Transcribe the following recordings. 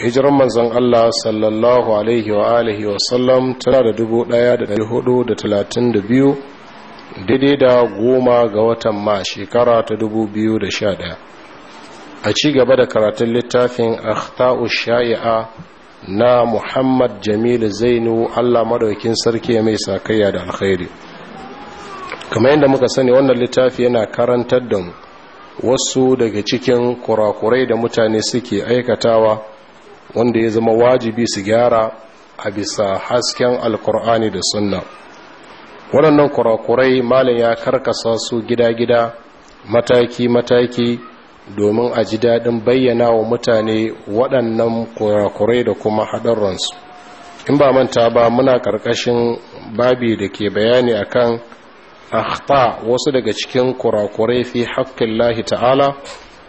hijiran manzon Allah sallallahu alaihi wa alihi wa sallam tana da dubu ɗaya da dari hudu da talatin da biyu daidai da goma ga watan ma shekara ta dubu biyu da sha ɗaya a ci gaba da karatun littafin akhtau sha'i'a na muhammad jamilu zainu allah madaukin sarki mai sakayya da alkhairi kamar yadda muka sani wannan littafi yana karantar da wasu daga cikin kurakurai da mutane suke aikatawa wanda ya zama wajibi su gyara a bisa hasken alkur'ani da sunna waɗannan kurakurai malin ya karkasa su gida-gida mataki-mataki domin a ji daɗin bayyana wa mutane waɗannan kurakurai da kuma haɗarransu in ba manta ba muna ƙarƙashin babi da ke bayani akan akhta wasu daga cikin kurakurai fi haƙƙin lahi ta'ala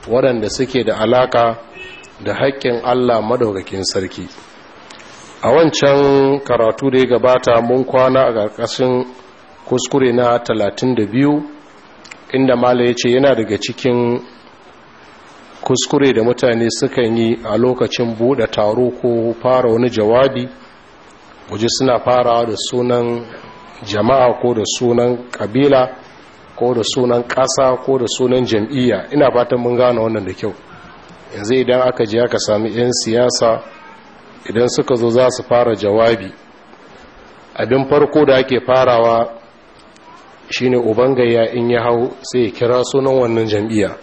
waɗanda suke da alaƙa da haƙƙin Allah madaukakin sarki a wancan karatu da ya gabata mun kwana a ƙarƙashin kuskure na 32 inda mala ya ce yana daga cikin kuskure da mutane sukan yi a lokacin buɗe taro ko fara wani jawabi waje suna farawa da sunan jama'a ko da sunan kabila ko da sunan ƙasa ko da sunan jam'iyya ina fatan mun gane wannan da kyau yanzu idan aka ji aka sami 'yan siyasa idan suka zo za su fara jawabi abin farko da ake farawa shine ubangaya in ya hau sai ya kira sunan wannan jam'iyya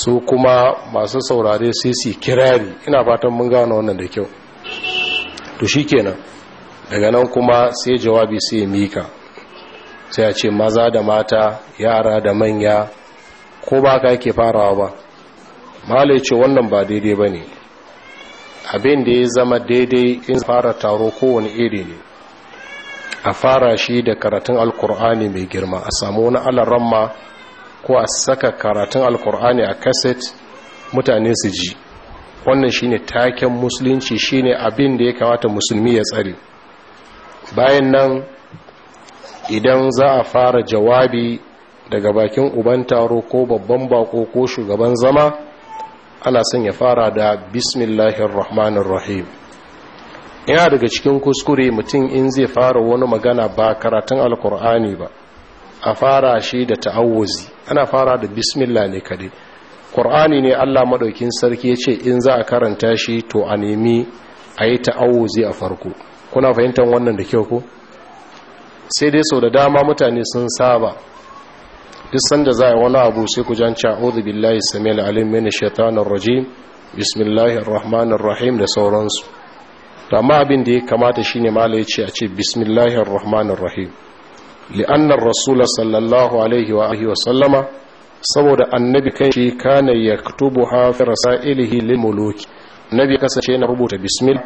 su kuma masu saurare sai su kirari ina fatan mun gano wannan da kyau to shi kenan daga nan kuma sai jawabi sai mika sai a ce maza da mata yara da manya ko ba ka yake farawa ba mala ce wannan ba daidai ba ne abin da ya zama daidai in fara taro kowane iri ne a fara shi da karatun alkur'ani mai girma a samu wani alaramma ko a saka karatun alkur'ani a kaset mutane su ji wannan shi ne taken musulunci shine abin da ya kamata musulmi ya tsare bayan nan idan za a fara jawabi daga bakin uban taro ko babban bako ko shugaban zama ana son ya fara da bismillahir rahmanir rahim yana daga cikin kuskure mutum in zai fara wani magana ba karatun alkur'ani ba a fara shi da ta'awuzi ana fara da bismillah ne kadai qur'ani ne Allah madaukin sarki yace in za a karanta shi to a nemi ayi ta'awuzi a farko kuna fahimtar wannan da kyau ko sai dai sau da dama mutane sun saba duk sanda za a wani abu sai ku jan ca'udhu billahi samil alim min shaitanir rajim bismillahir rahmanir rahim da sauransu amma abin da ya kamata shine malai ce a ce bismillahir rahmanir rahim li'anna ar-rasul sallallahu alaihi wa alihi wa sallama saboda annabi kai shi kana yaktubuha fi rasa lil muluki nabi kasance na rubuta bismillah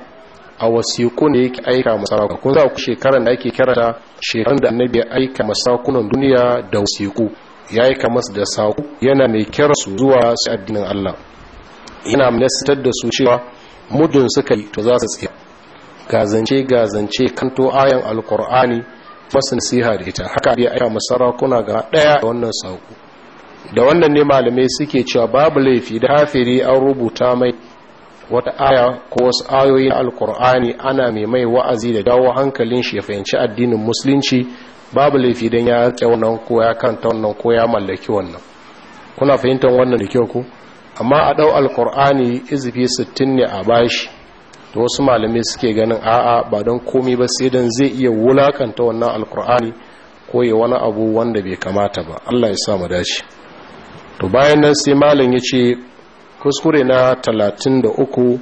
a wasiƙun da yake aika masarakun kun za ku shekarar da ake karanta shekaran da annabi ya aika masakunan duniya da wasiku. ya yi kamar da saƙo yana mai kira su zuwa su addinin Allah yana nasitar da su cewa mudun suka yi to za su tsaye gazance gazance kanto ayan alkur'ani masu nasiha da ita haka ya aika kuna ga ɗaya da wannan saƙo da wannan ne malamai suke cewa babu laifi da hafiri an rubuta mai wata aya ko wasu ayoyi na alkur'ani ana mai mai wa'azi da dawo hankalin shi ya fahimci addinin musulunci babu laifi don ya rike wannan ko ya kanta wannan ko ya mallaki wannan kuna fahimtar wannan da kyau ku amma a ɗau alkur'ani izifi sittin ne a bashi da wasu malamai suke ganin a'a ba don komi ba sai don zai iya wulakanta wannan alkur'ani ko ya wani abu wanda bai kamata ba allah ya sa mu dace to bayan nan sai malam ya ce kuskure na talatin da uku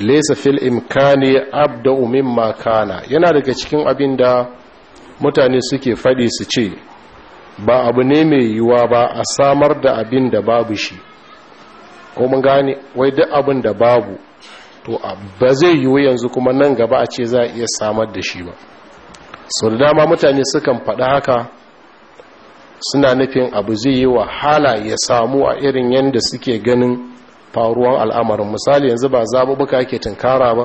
laisa fil imkani abda umin makana yana daga cikin abin da mutane suke faɗi su ce ba abu ne mai yiwuwa ba a samar da abin da babu shi ko mun gane wai duk abin da babu to ba zai yiwu yanzu kuma nan gaba a ce za a iya samar da shi ba so da dama mutane sukan faɗa haka suna nufin abu zai yi wahala ya samu a irin yadda suke ganin faruwan al'amarin misali yanzu ba zaɓuɓɓuka ke tunkara ba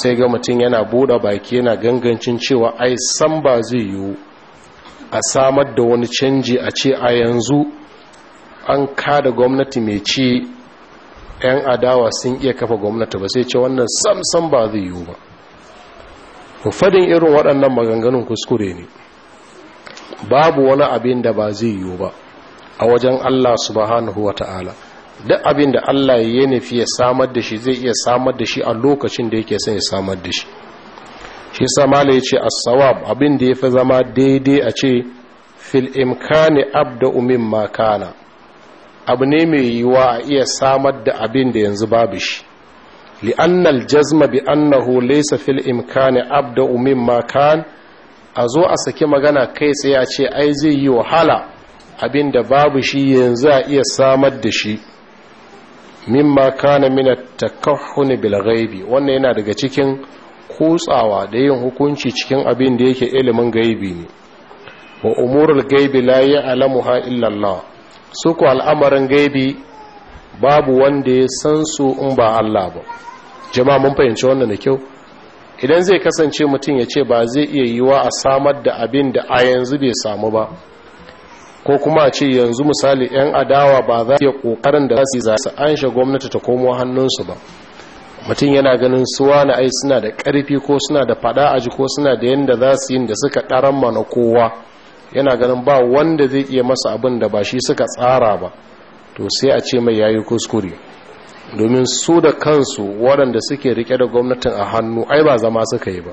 sai ga mutum yana buɗa baki yana gangancin cewa ai san ba zai yiwu a samar da wani canji a ce a yanzu an kada gwamnati mai ci 'yan adawa sun iya kafa gwamnati ba sai ce wannan sam sam ba zai yiwu ba fadin irin waɗannan maganganun kuskure ne babu wani abin da ba zai yiwu ba a wajen Allah subhanahu wa ta'ala duk abin da Allah ya nufi ya samar da shi zai iya samar da shi a lokacin da yake son ya samar da shi shi samala ya ce as-sawab abin da ya fi zama daidai a ce fil imkani abda umin makana abu ne mai yiwuwa a iya samar da abin da yanzu babu shi li'annal jazma bi annahu laysa fil imkani abda umin makan a zo a saki magana kai tsaye a ce ai zai yi wahala abin da babu shi yanzu a iya samar da shi mimma kana mina at-takahhun wannan yana daga cikin kutsawa da yin hukunci cikin abin da yake ilimin gaibi ne wa umurul gaibi la ya'lamuha illa Allah su ku al'amarin gaibi babu wanda ya san su in ba Allah ba jama'a mun fahimci wannan da kyau idan zai kasance mutum ya ce ba zai iya yiwa a samar da abin da a yanzu bai samu ba ko kuma a ce yanzu misali 'yan adawa ba za iya kokarin da su za su ansha gwamnati ta komo hannunsu ba mutum yana ganin suwa na ai suna da karfi ko suna da fada a ji ko suna da yadda za su yi da suka ɗaran mana kowa yana ganin ba wanda zai iya masa abin da ba shi suka tsara ba to sai a ce mai yayi kuskure domin su da kansu waɗanda suke rike da gwamnatin a hannu ai ba zama suka yi ba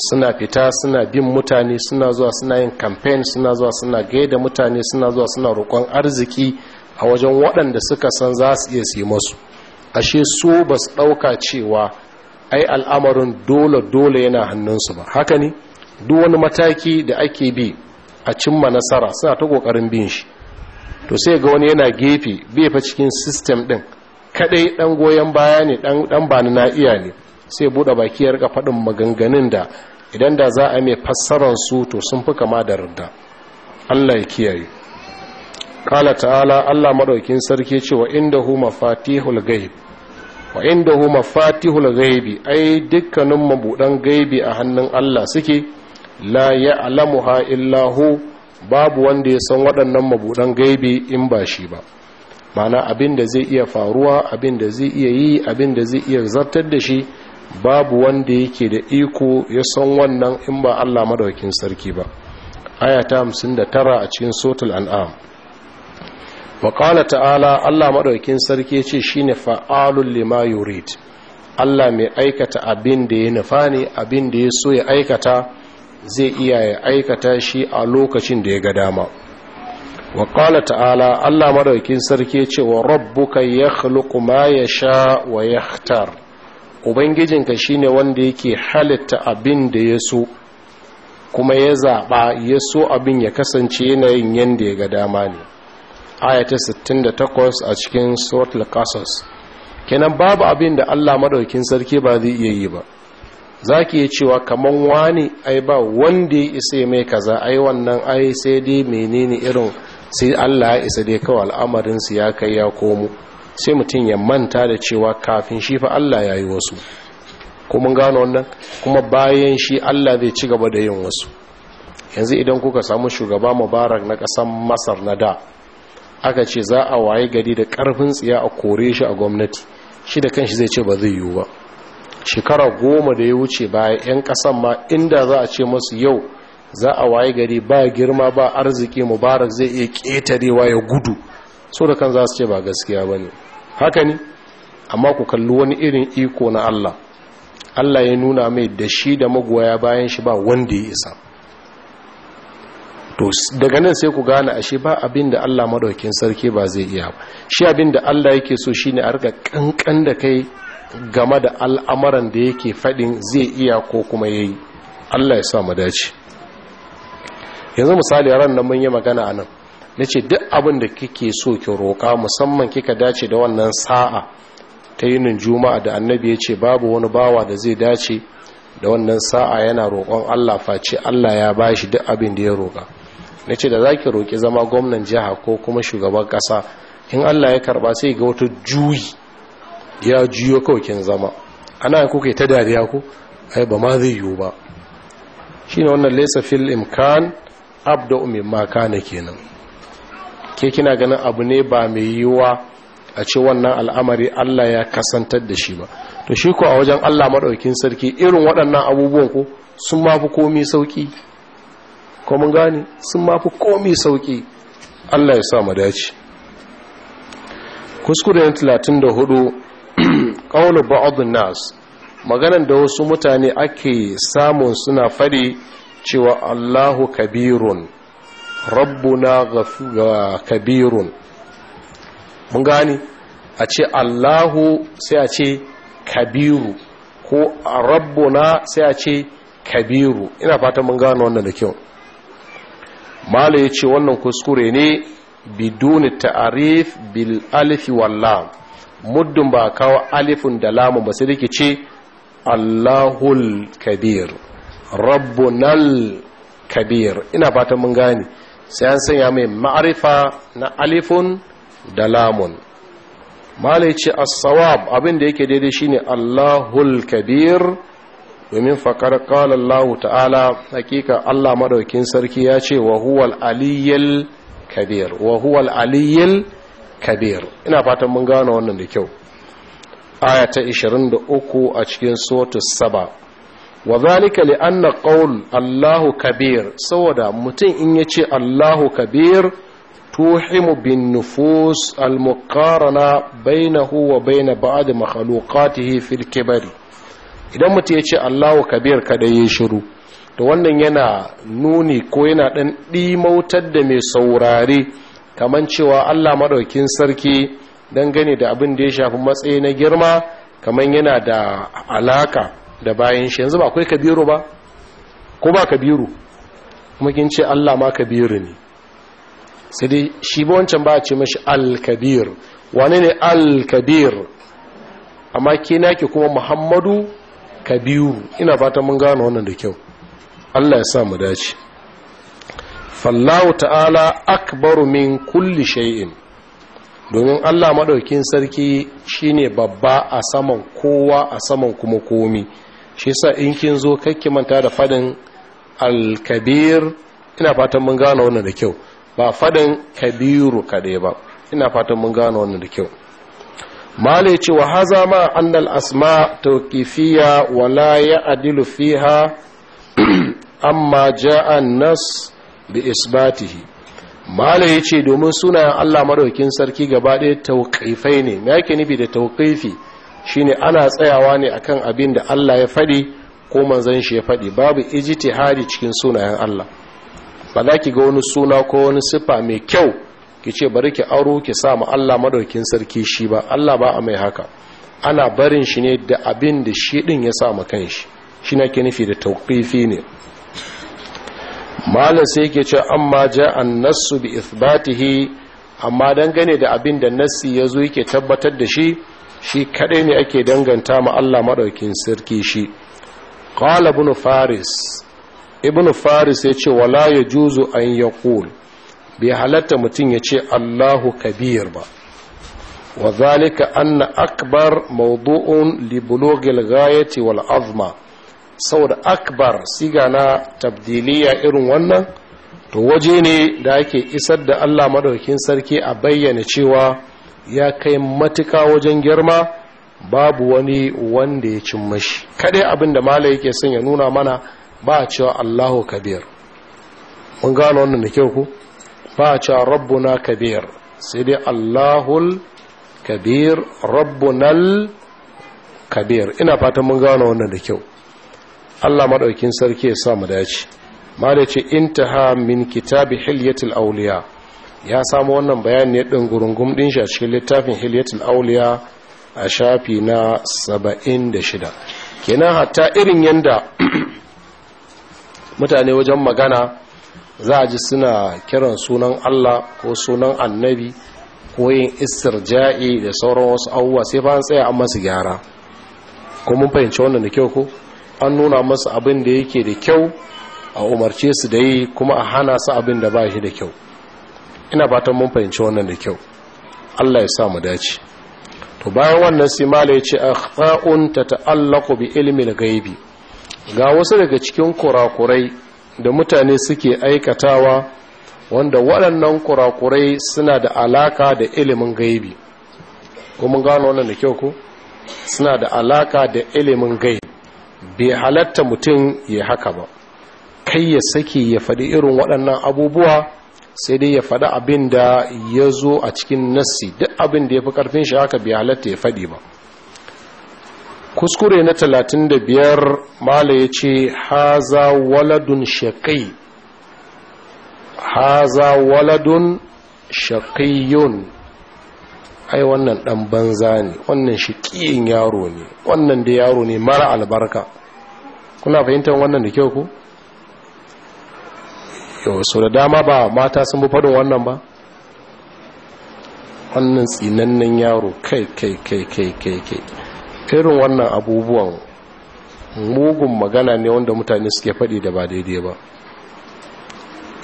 suna fita suna bin mutane suna zuwa suna yin kamfen suna zuwa suna gaida mutane suna zuwa suna roƙon arziki a wajen waɗanda suka san za su iya sai masu ashe su ba su ɗauka cewa ai al'amarin dole-dole yana hannunsu ba haka ne duk wani mataki da ake bi a cimma nasara suna ta ƙoƙarin bin shi to sai ga wani yana gefe bai fa cikin sistem ɗin kaɗai ɗan goyon baya ne ɗan ba na iya ne sai bude baki ya rika fadin maganganun da idan da za a mai fassarar su to sun fi kama da rida Allah ya kiyaye qala ta'ala Allah madaukin sarki cewa indahu mafatihul ghaib wa indahu mafatihul ghaib ai dukkanin mabudan gaibi a hannun Allah suke la ya'lamuha illa hu babu wanda ya san waɗannan mabudan gaibi in ba shi ba mana abin da zai iya faruwa abin da zai iya yi abin da zai iya zartar da shi babu wanda yake da iko ya san wannan in ba Allah madaukakin sarki ba aya ta 59 a cikin suratul an'am wa qala ta'ala Allah madaukakin sarki ya yace shine fa'alul lima yurid Allah mai aikata abin da ya nufa ne abin da ya so ya aikata zai iya ya aikata shi a lokacin da ya ga dama wa qala ta'ala Allah madaukakin sarki ya ce wa rabbuka yakhluqu ma yasha wa yakhtar ubangijinka shine wanda yake halitta abin da ya so kuma ya zaɓa ya so abin ya kasance yanayin yadda ya ga dama ne ayata 68 a cikin suratul qasas kenan babu abin da Allah maɗaukin sarki ba zai iya yi ba za ki iya cewa kamar wani ai ba wanda ya isa mai kaza ai wannan ai sai dai menene irin sai Allah ya isa dai kawai al'amarin su ya kai ya komo sai mutum ya manta da cewa kafin shi fa Allah ya yi wasu kuma gano wannan kuma bayan shi Allah zai ci gaba da yin wasu yanzu idan kuka samu shugaba mubarak na ƙasar masar na da aka ce za a waye gari da ƙarfin tsiya a kore shi a gwamnati shi da kanshi zai ce ba zai yiwu ba shekara goma da ya wuce baya 'yan ƙasan ma inda za a ce masu yau za a waye gari ba girma ba arziki mubarak zai iya ƙetarewa ya gudu so da kan za su ce ba gaskiya ba ne haka ne amma ku kalli wani irin iko na Allah Allah ya nuna mai da shi da magoya bayan shi ba wanda ya isa to daga nan sai ku gane ashe ba abin da Allah maɗaukin sarki ba zai iya ba shi abin da Allah yake so shine a rika kankan da kai game da al'amuran da yake faɗin zai iya ko kuma ya yi. Allah ya sa mu dace yanzu misali ran nan mun yi magana anan na ce duk abin da kike so ki roƙa musamman kika dace da wannan sa'a ta yinin juma'a da annabi ya ce babu wani bawa da zai dace da wannan sa'a yana roƙon allah face allah ya ba shi duk abin da ya roƙa na ce da za ki roƙi zama gwamnan jiha ko kuma shugaban ƙasa in allah ya karɓa sai ga wata juyi ya juyo kawai zama ana kuka ta dariya ku ai ba ma zai yiwu ba shine wannan lesa fil imkan abda min ma kana kenan ke kina ganin abu ne ba mai yiwuwa a ce wannan al'amari Allah ya kasantar da shi ba to shi ko a wajen Allah maɗaukin sarki irin waɗannan abubuwan ko sun mafi komai sauƙi ko mun gane sun mafi komai sauƙi Allah ya sa mu dace kuskuren 34 qawlu ba'd nas maganan da wasu mutane ake samu suna fadi cewa Allahu kabirun rabbuna kabirun mun gani a ce allahu sai a ce kabiru ko rabbuna sai a ce kabiru ina fata mun gano wannan da kyau mala ya ce wannan kuskure ne biduni ta'arif bil alifi wallam muddun ba kawo alifin da lamun ba sai ce allahul kabir rabbunal kabir ina fata mun gane sai an sanya mai ma'arifa na alifun da lamun malai ce as abin da yake daidai shine Allahul kabir domin fakar qala lahu ta'ala hakika Allah maɗaukin sarki ya ce wa huwal kabir wa huwal kabir ina fatan mun gane wannan da kyau ayata ta 23 a cikin Sotus saba wa zalika li anna qawl Allahu kabir saboda mutum in yace Allahu kabir tuhimu bin nufus al muqarana bainahu wa bain ba'd makhluqatihi fil kibari idan mutum yace Allahu kabir kada ya shiru to wannan yana nuni ko yana dan dimautar da mai saurare kaman cewa Allah madaukin sarki dangane da abin da ya shafi matsayi na girma kaman yana da alaka da bayan shi yanzu ba akwai kabiru ba ko ba kabiru kuma kin ce Allah ma kabiru ne sai dai shi ba wancan ba a ce mashi al-kabir wane ne al-kabir amma ke naki kuma muhammadu kabiru ina fata mun gano wannan da kyau Allah ya sa mu dace fallahu ta'ala akbaru min kulli shay'in domin Allah madaukin sarki shine babba a saman kowa a saman kuma komi shi sa in kin zo kakki manta da fadin alkabir ina fatan mun gane wannan da kyau ba fadin kabiru kaɗai ba ina fatan mun gane wannan da kyau malai ce wa haza ma annal asma tawqifiyya wa la ya'dilu fiha amma ja'a nas bi isbatihi malai yace domin sunayen Allah madaukin sarki gaba ɗaya tawqifai ne me yake nufi da tawqifi shine ana tsayawa ne akan abin da Allah ya faɗi ko manzon shi ya faɗi babu ijtihadi cikin sunayen Allah ba ki ga wani suna ko wani sifa mai kyau ki ce bari ki aro ki sa ma Allah madaukin sarki shi ba Allah ba a mai haka ana barin shi ne da abin da shi din ya sa ma kanshi shi na ke nufi da tawqifi ne malam sai yake ce amma ja'a an nasu bi ithbatihi amma dangane da abin da nassi yazo yake tabbatar da shi shi kaɗai ne ake danganta ma Allah maɗaukin sarki shi qala ibn faris ibn faris ya ce wala ya yajuzu an yaqul bai halatta mutum ya ce Allahu kabir ba wa zalika anna akbar mawdu'un li bulughil ghayati wal azma saboda akbar siga na tabdiliya irin wannan to waje ne da ake isar da Allah madaukin sarki a bayyana cewa ya kai matuka wajen girma babu wani wanda ya cin mashi kadai abinda da yake son ya nuna mana ba a cewa allahu kabir mun gano wannan da kyau ku ba a cewa rabbuna kabir sai dai allahul kabir rabbunal kabir ina fatan mun gano wannan da kyau allah maɗaukin sarki ya sa mu dace malai ce intaha min kitabi hilyatul auliya ya samu wannan bayani ɗin gurungun ɗin shi a cikin littafin hiliyatul auliya a shafi na 76 kenan hatta irin yadda mutane wajen magana za a ji suna kiran sunan Allah ko sunan annabi ko yin Ja'i da sauran wasu abubuwa sai fa an tsaya an masu gyara ko mun fahimci wannan da kyau ko an nuna masu abin da yake da kyau a umarce su da yi kuma a hana su abin da ba shi da kyau ina fatan mun fahimci wannan da kyau Allah ya sa mu dace to bayan wannan sai mala ya ce ta'allaku tata'allaqu bi ilmi al-ghaibi ga wasu daga cikin kurakurai da mutane suke aikatawa wanda waɗannan kurakurai suna da alaka da ilimin gaibi ko mun gano wannan da kyau ko suna da alaka da ilimin gaibi bai halatta mutum ya haka ba kai ya sake ya faɗi irin waɗannan abubuwa sai dai ya faɗi abin da ya zo a cikin nassi duk abin da ya fi ƙarfin shi haka bai halatta ya faɗi ba kuskure na talatin da biyar mala ya ce haza waladun shaƙi haza waladun shaƙiyun ai wannan ɗan banza ne wannan shi ƙiyin yaro ne wannan da yaro ne mara albarka kuna fahimtar wannan da kyau ku? kyau so da dama ba mata sun bi faɗin wannan ba wannan tsinannen yaro kai kai kai kai kai kai irin wannan abubuwan mugun magana ne wanda mutane suke faɗi da ba daidai ba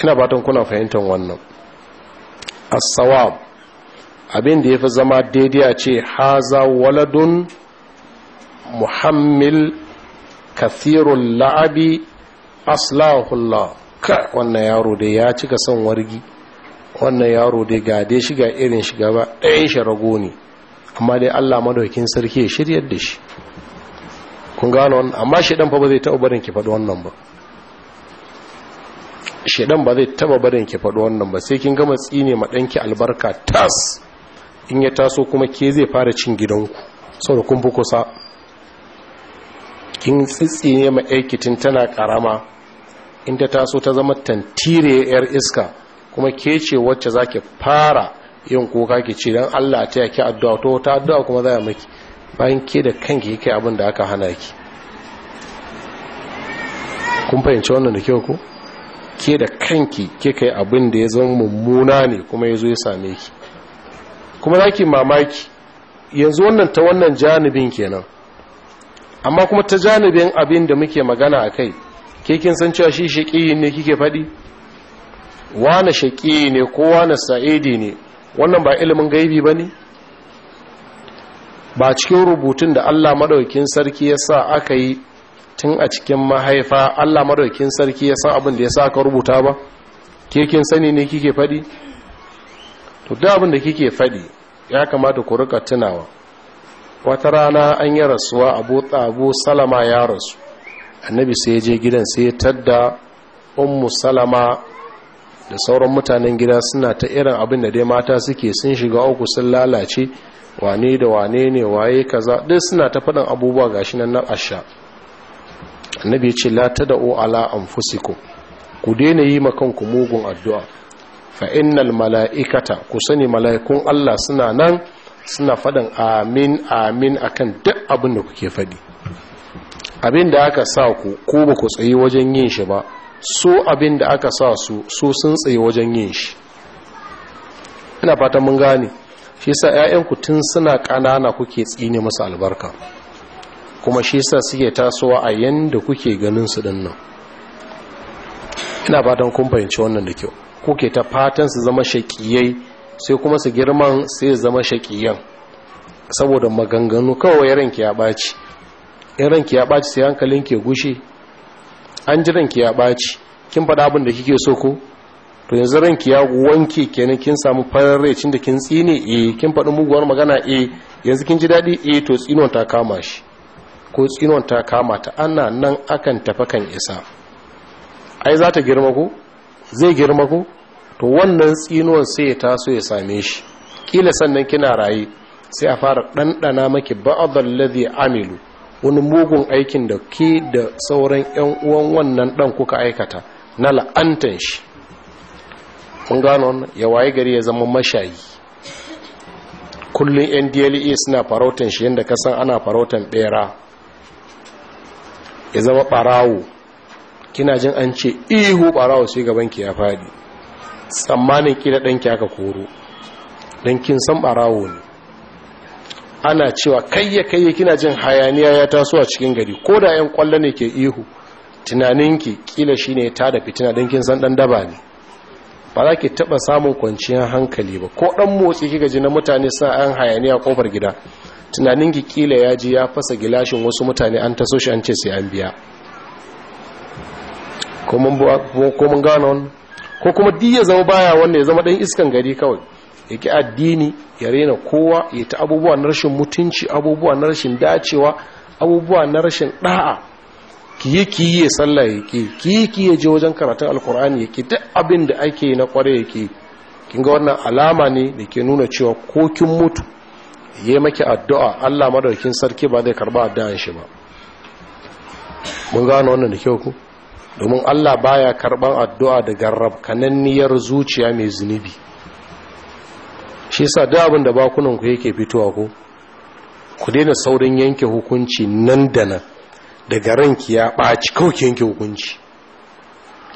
ina fatan kuna fahimtar wannan as abin da yafi zama daidai a ce haza waladun muhammil kathirul la'abi aslahullah ka wannan yaro dai ya cika son wargi wannan yaro dai ga dai shiga irin shiga ba ɗayan shi rago ne amma dai Allah madaukin sarki ya shiryar da shi kun gano wannan amma shaidan fa ba zai taɓa barin ki faɗi wannan ba shaidan ba zai taɓa barin ki faɗi wannan ba sai kin gama tsine ma ɗanki albarka tas in ya taso kuma ke zai fara cin gidanku saboda kun fi kusa kin tsitsine ma aikitin tana karama in ta taso ta zama tantire yar iska kuma ke ce wacce za ki fara yin kuka ki ce don allah ta yake addu'a to ta addu'a kuma za a maki bayan ke da kanki kai abin da aka hana ki kun fahimci wannan da kyau ku ke da kanki ke kai abin da ya zama mummuna ne kuma ya zo ya same ki kuma za ki mamaki yanzu wannan ta wannan janibin kenan amma kuma ta janibin abin da muke magana a kai ke kin san cewa shi shaƙi ne kike faɗi wane shaƙi ne ko wane sa'idi ne wannan ba ilimin gaibi ba ne ba cikin rubutun da allah maɗaukin sarki ya sa aka yi tun a cikin mahaifa allah maɗaukin sarki ya san abin da ya sa aka rubuta ba ke kin sani ne kike faɗi to da abin da kike faɗi ya kamata ku rika tunawa wata rana an yi rasuwa abu abu salama ya rasu annabi sai ya je gidan sai ya tadda ummu salama da sauran mutanen gida suna ta irin abin da dai mata suke sun shiga uku sun lalace wane da wane ne waye kaza duk suna ta faɗin abubuwa gashi nan na asha annabi ya ce la tad'u ala anfusikum ku daina yi makan ku mugun addu'a fa mala'ikata ku sani mala'ikun Allah suna nan suna faɗin amin amin akan duk abin da kuke faɗi abin da aka sa ku ko ba ku tsaye wajen yin shi ba su abin da aka sa su su sun tsaye wajen yin shi ina fatan mun gane shi sa 'ya'yanku tun suna ƙanana kuke tsine musu albarka kuma shi sa suke tasowa a yanda kuke ganin su din nan ina fatan kun fahimci wannan da kyau kuke ta fatan su zama shaƙiyai sai kuma su girman sai zama shaƙiyan saboda maganganu kawai ranki ya ɓaci in ranki ya ɓaci sai hankalin ke gushe an ji ranki ya ɓaci kin faɗa abin da kike so ko to yanzu ranki ya wanke kenan kin samu farin rai cin da kin tsine eh kin faɗi muguwar magana e yanzu kin ji daɗi eh to tsinon ta kama shi ko tsinon ta kama ta ana nan akan tafi kan isa ai za ta girma ko zai girma ko to wannan tsinon sai ya taso ya same shi kila sannan kina raye sai a fara ɗanɗana maki ba'adar ladhi amilu wani mugun aikin da ke da sauran 'yan uwan wannan dan kuka aikata na la'antan shi mun gano ya waye gari ya zama mashayi kullum 'yan dla e suna farautan shi yadda kasan ana farautan bera. ya zama barawo kina jin an ce ihu ɓarawo sai gabanki ya faɗi tsammanin kila ɗanki aka koro don kin san ɓarawo ne ana cewa kayya kayya kina jin hayaniya ya taso a cikin gari ko da yan kwallo ne ke ihu tunaninki kila shine ta da fitina don kin san dan daba ne ba za ki taba samun kwanciyar hankali ba ko dan motsi kika ji na mutane sa an hayaniya kofar gida tunaninki kila ya ji ya fasa gilashin wasu mutane an taso shi an ce sai an biya ko mun gano ko kuma diya zama baya wannan ya zama dan iskan gari kawai ya ki addini ya rena kowa ya ta abubuwa na rashin mutunci abubuwa na rashin dacewa abubuwa na rashin ɗa'a. ki yi ki yi sallah ya ki ki yi ki yi je wajen karatun alkur'ani ya ki duk abin da ake na kware ya ki kin ga wannan alama ne da ke nuna cewa ko kin mutu yi maki addu'a Allah madaukin sarki ba zai karba addu'an shi ba mun gano wannan da kyau ku domin Allah baya karban addu'a daga rabkananniyar zuciya mai zunubi shi sa da abin da bakunan ku yake fitowa ko ku daina saurin yanke hukunci nan da nan daga ranki ya ɓaci kawai ki yanke hukunci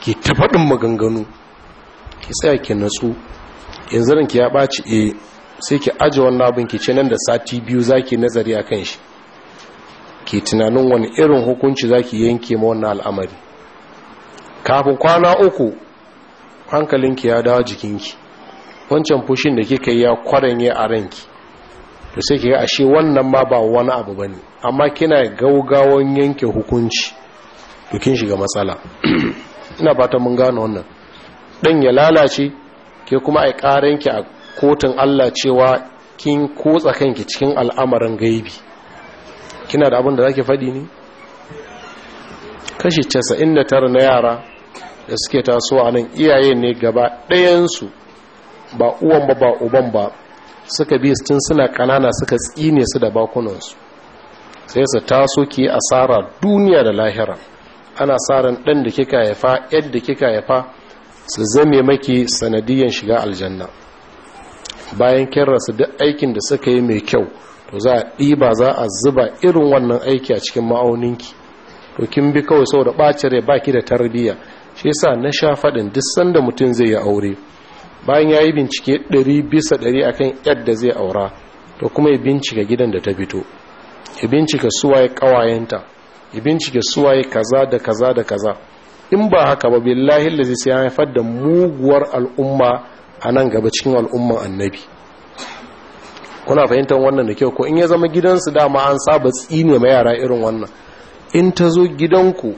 ki ta maganganu ki tsaya ki natsu yanzu ranki ya ɓaci e sai ki aje wannan abin ki ce nan da sati biyu zaki nazari a kan shi ki tunanin wani irin hukunci zaki yanke ma wannan al'amari kafin kwana uku hankalinki ya dawo jikinki wancan fushin da kika yi ya kwaranye a ranki to sai kika ashe wannan ma ba wani abu bane amma kina gaugawon yanke hukunci to kin shiga matsala ina fatan mun gane wannan dan ya lalace ke kuma ai karanki a kotun Allah cewa kin kotsa kanki cikin al'amarin gaibi kina da abin da zaki fadi ne kashi 99 na yara da suke tasowa a nan iyaye ne gaba ɗayansu ba uwan ba ba uban ba suka bi tun suna kanana suka tsine su da bakunansu sai su taso ki asara duniya da lahira ana saran ɗan da kika haifa yadda kika haifa su zame maki sanadiyan shiga aljanna bayan kin su duk aikin da suka yi mai kyau to za a ɗiba za a zuba irin wannan aiki a cikin ma'auninki to kin bi kawai saboda ɓacin rai baki da tarbiyya shi yasa na sha faɗin duk sanda mutum zai yi aure bayan ya yi bincike ɗari bisa ɗari a kan yadda zai aura to kuma ya bincika gidan da ta fito ya bincika ya kawayenta, ya bincika ya kaza da kaza da kaza in ba haka ba billahi da zai haifar da muguwar al'umma a nan gaba cikin al'umman annabi kuna fahimtar wannan da kyau ko in ya zama gidansu dama an saba tsine ma yara irin wannan in ta zo gidanku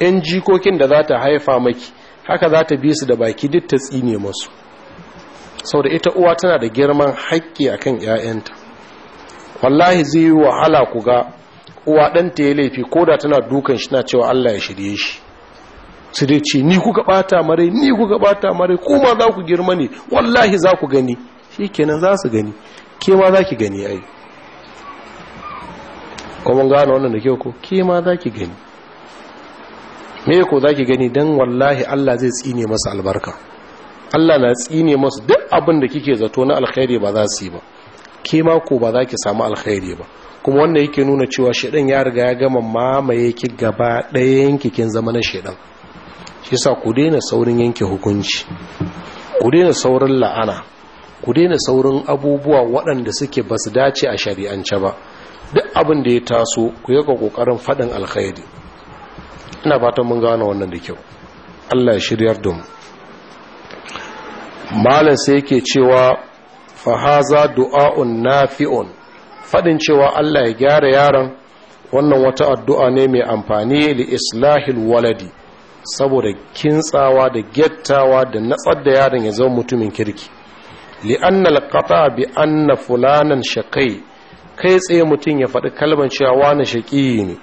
yan jikokin da za ta haifa maki haka za ta bi su da baki duk ta tsine masu sau da ita uwa tana da girman haƙƙi a kan ‘ya'yanta wallahi zai yi wahala ku ga uwa ɗanta ya laifi ko da tana dukan shi na cewa allah ya shirye shi su dai ce ni kuka ɓata marai ni kuka ɓata mare kuma za ku girma ne wallahi za ku gani shi kenan za su gani ke ma za ki gani ai kuma gane wannan da kyau ko ke ma za ki gani me ko za ki gani don wallahi allah zai tsine masa albarka Allah na tsine masu duk abin da kike zato na alkhairi ba za su yi ba ke ma ko ba za ki samu alkhairi ba kuma wannan yake nuna cewa shedan ya riga ya gama mamaye ki gaba ɗayan kin zama na shedan shi sa ku daina saurin yanke hukunci ku daina saurin la'ana ku daina saurin abubuwa waɗanda suke ba su dace a shari'ance ba duk abin da ya taso ku yi ga kokarin faɗin alkhairi ina fatan mun gane wannan da kyau Allah ya shiryar da mu malam sai yake cewa fahaza du'a'un nafi'un fadin cewa Allah ya gyara yaron wannan wata addu'a ne mai amfani li islahil waladi saboda kintsawa da gettawa da natsar da yaron ya zama mutumin kirki li annal qata bi anna fulanan shaqi kai tsaye mutum ya faɗi kalban cewa wani shaqi ne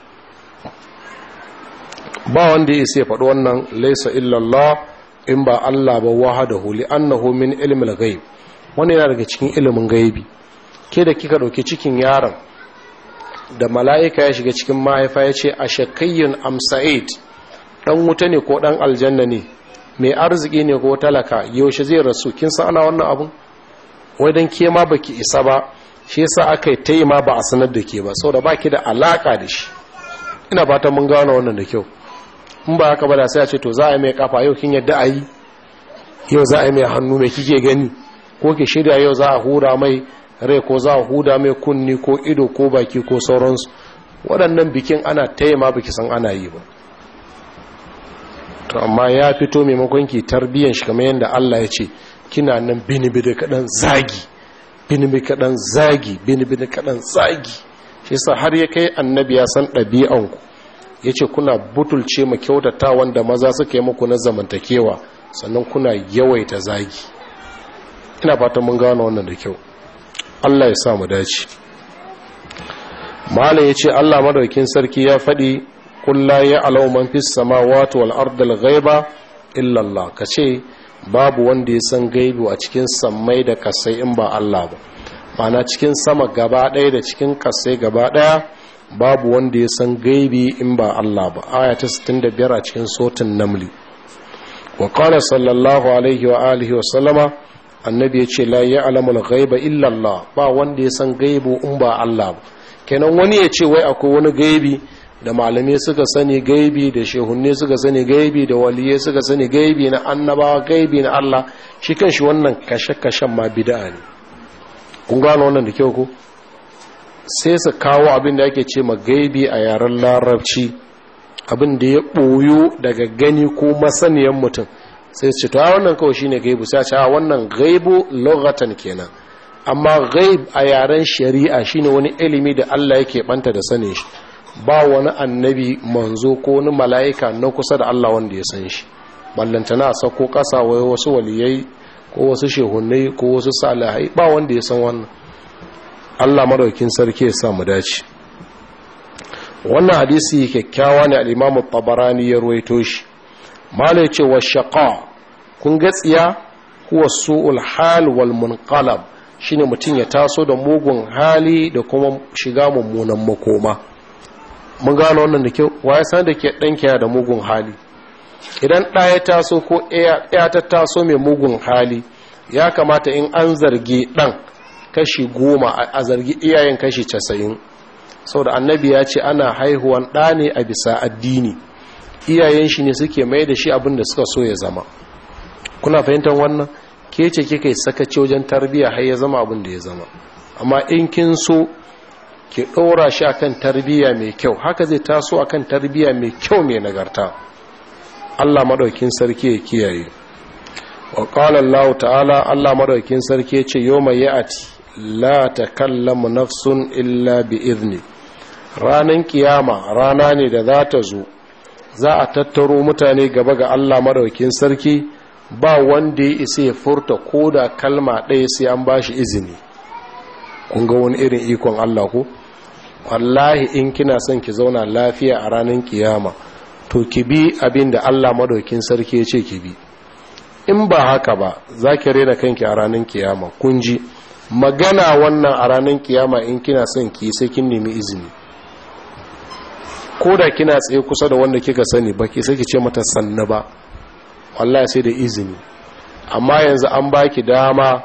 ba wanda ya sai faɗi wannan laisa illallah in ba Allah ba wahadahu Annahu min ilmil ghaib wannan yana daga cikin ilimin gaibi ke da kika dauki cikin yaron da mala'ika ya shiga cikin mahaifa ya ce a shakayyun amsa'id dan wuta ne ko dan aljanna ne mai arziki ne ko talaka yaushe zai rasu kin san ana wannan abun wai dan ke ma baki isa ba shi yasa aka yi ma ba a sanar da ke ba saboda baki da alaƙa da shi ina fatan mun gano wannan da kyau in ba haka ba da sai a ce to za a yi mai kafa yau kin yadda a yi yau za a yi mai hannu mai kike gani ko ki shirya yau za a hura mai rai ko za a huda mai kunni ko ido ko baki ko sauransu waɗannan bikin ana taima biki san ana yi ba to amma ya fito maimakon ki tarbiyyar shi kamar yadda Allah ya ce kina nan binibi da kaɗan zagi binibi kaɗan zagi binibi da kaɗan zagi shi sa har ya kai annabi ya san ɗabi'anku ya ce kuna butulce ma kyautata wanda maza suka yi muku na zamantakewa sannan kuna yawaita zagi ina fatan mun gano wannan da kyau allah ya sa mu dace malam ya ce allah madaukin sarki ya faɗi kulla ya alauman fi sama wato al'ardal gaiba illallah ka ce babu wanda ya san gaibu a cikin samai da kasai in ba allah ba mana cikin sama gaba ɗaya da cikin kasai gaba ɗaya babu wanda ya san gaibi in ba Allah ba ayata ta 65 a cikin sotin namli wa qala sallallahu alaihi wa alihi wa sallama annabi ya ce la ya'lamul ghaiba illa Allah ba wanda ya san gaibu in ba Allah ba kenan wani ya ce wai akwai wani gaibi da malamai suka sani gaibi da shehunne suka sani gaibi da waliyai suka sani gaibi na annabawa gaibi na Allah shi kanshi wannan kashe-kashen ma bid'a ne kun gano wannan da kyau ko sai su kawo abin da ake ce magaibi a yaren larabci abin da ya ɓoyo daga gani ko masaniyan mutum sai su ce ta wannan kawai shine gaibu sai a ce wannan gaibu logatan kenan amma gaib a yaren shari'a shine wani ilimi da Allah yake banta da sanin shi ba wani annabi manzo ko wani mala'ika na kusa da Allah wanda ya san shi ballantana a sako kasa wai wasu waliyai ko wasu shehunai ko wasu salihai ba wanda ya san wannan Allah madaukin sarki ya sa mu dace wannan hadisi kyakkyawa ne al-Imam tabarani ya ruwaito shi malai ce wa shaqa kun ga tsiya huwa su'ul hal wal munqalab shine mutum ya taso da mugun hali da kuma shiga mummunan makoma mun gano wannan da kyau waye san da ke danki da mugun hali idan ɗa ya taso ko ya ta taso mai mugun hali ya kamata in an zargi ɗan kashi goma a zargi iyayen kashi casa'in sau da annabi ya ce ana haihuwan ɗa ne a bisa addini iyayen shi ne suke mai da shi abinda suka so ya zama kuna fahimtar wannan ke ce kika yi sakaci wajen tarbiyya har ya zama abin da ya zama amma in kin so ki ɗora shi akan tarbiyya mai kyau haka zai taso akan tarbiyya mai kyau mai nagarta Allah maɗaukin sarki ya kiyaye wa qala ta'ala Allah maɗaukin sarki ya ce mai ya'ati la ta takallamu nafsun illa bi izni ranan kiyama rana ne da za ta zo za a tattaro mutane gaba ga Allah madaukin sarki ba wanda ya isa ya furta ko da kalma ɗaya sai an ba shi izini kun ga wani irin ikon Allah ko wallahi in kina son ki zauna lafiya a ranar kiyama to ki bi abin da Allah madaukin sarki ya ce ki bi in ba haka ba za ki rena kanki a ranar kiyama kun ji magana wannan a ranar kiyama in kina son ki sai kin nemi izini ko da kina tsaye kusa da wanda kika sani ba ki ki ce mata sanna ba wallahi sai da izini amma yanzu an baki dama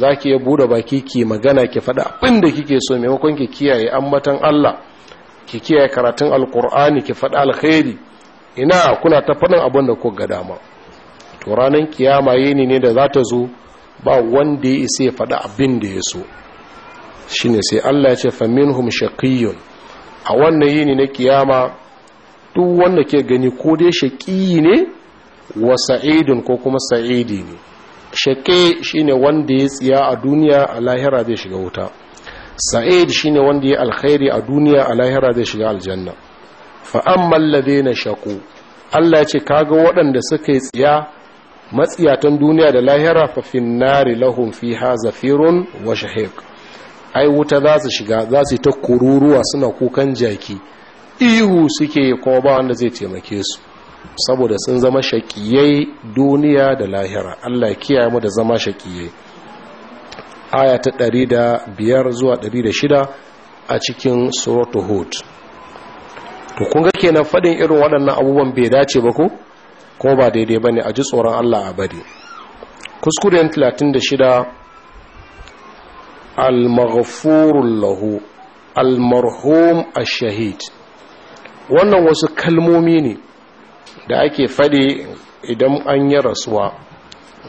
zaki ki iya bude baki ki magana ki faɗa abin da kike so maimakon ki kiyaye ambatan Allah ki kiyaye karatun alkur'ani ki faɗa alkhairi ina kuna ta faɗin abin da kuka ga dama to ranar kiyama yini ne da za ta zo ba wanda ya isa ya faɗa abin da ya so ne sai Allah ya ce hum shakiyun a wannan yini na kiyama duk wanda ke gani ko dai shaqi ne wa sa'idun ko kuma sa'idi ne shaqi ne wanda ya tsiya a duniya a lahira zai shiga wuta sa'id shi ne wanda ya alkhairi a duniya a lahira zai shiga aljanna fa amma ladina shaqu Allah ya ce kaga waɗanda suka yi tsiya matsiyatan duniya da lahira fa finnari lahum fiha zafirun wa shahiq ai wuta za su shiga za su ta kururuwa suna kukan jaki ihu suke kuma ba wanda zai taimake su saboda sun zama shaƙiyai duniya da lahira Allah ya kiyaye mu da zama shaƙiyai aya ta da biyar zuwa da shida a cikin suratu hud to kun ga kenan fadin irin waɗannan abubuwan bai dace ba ko ko ba daidai ba ne a ji tsoron allah a bari kuskuren 36 al-maghfurun lahu al-marhum ash-shahid wannan wasu kalmomi ne da ake faɗi idan an yi rasuwa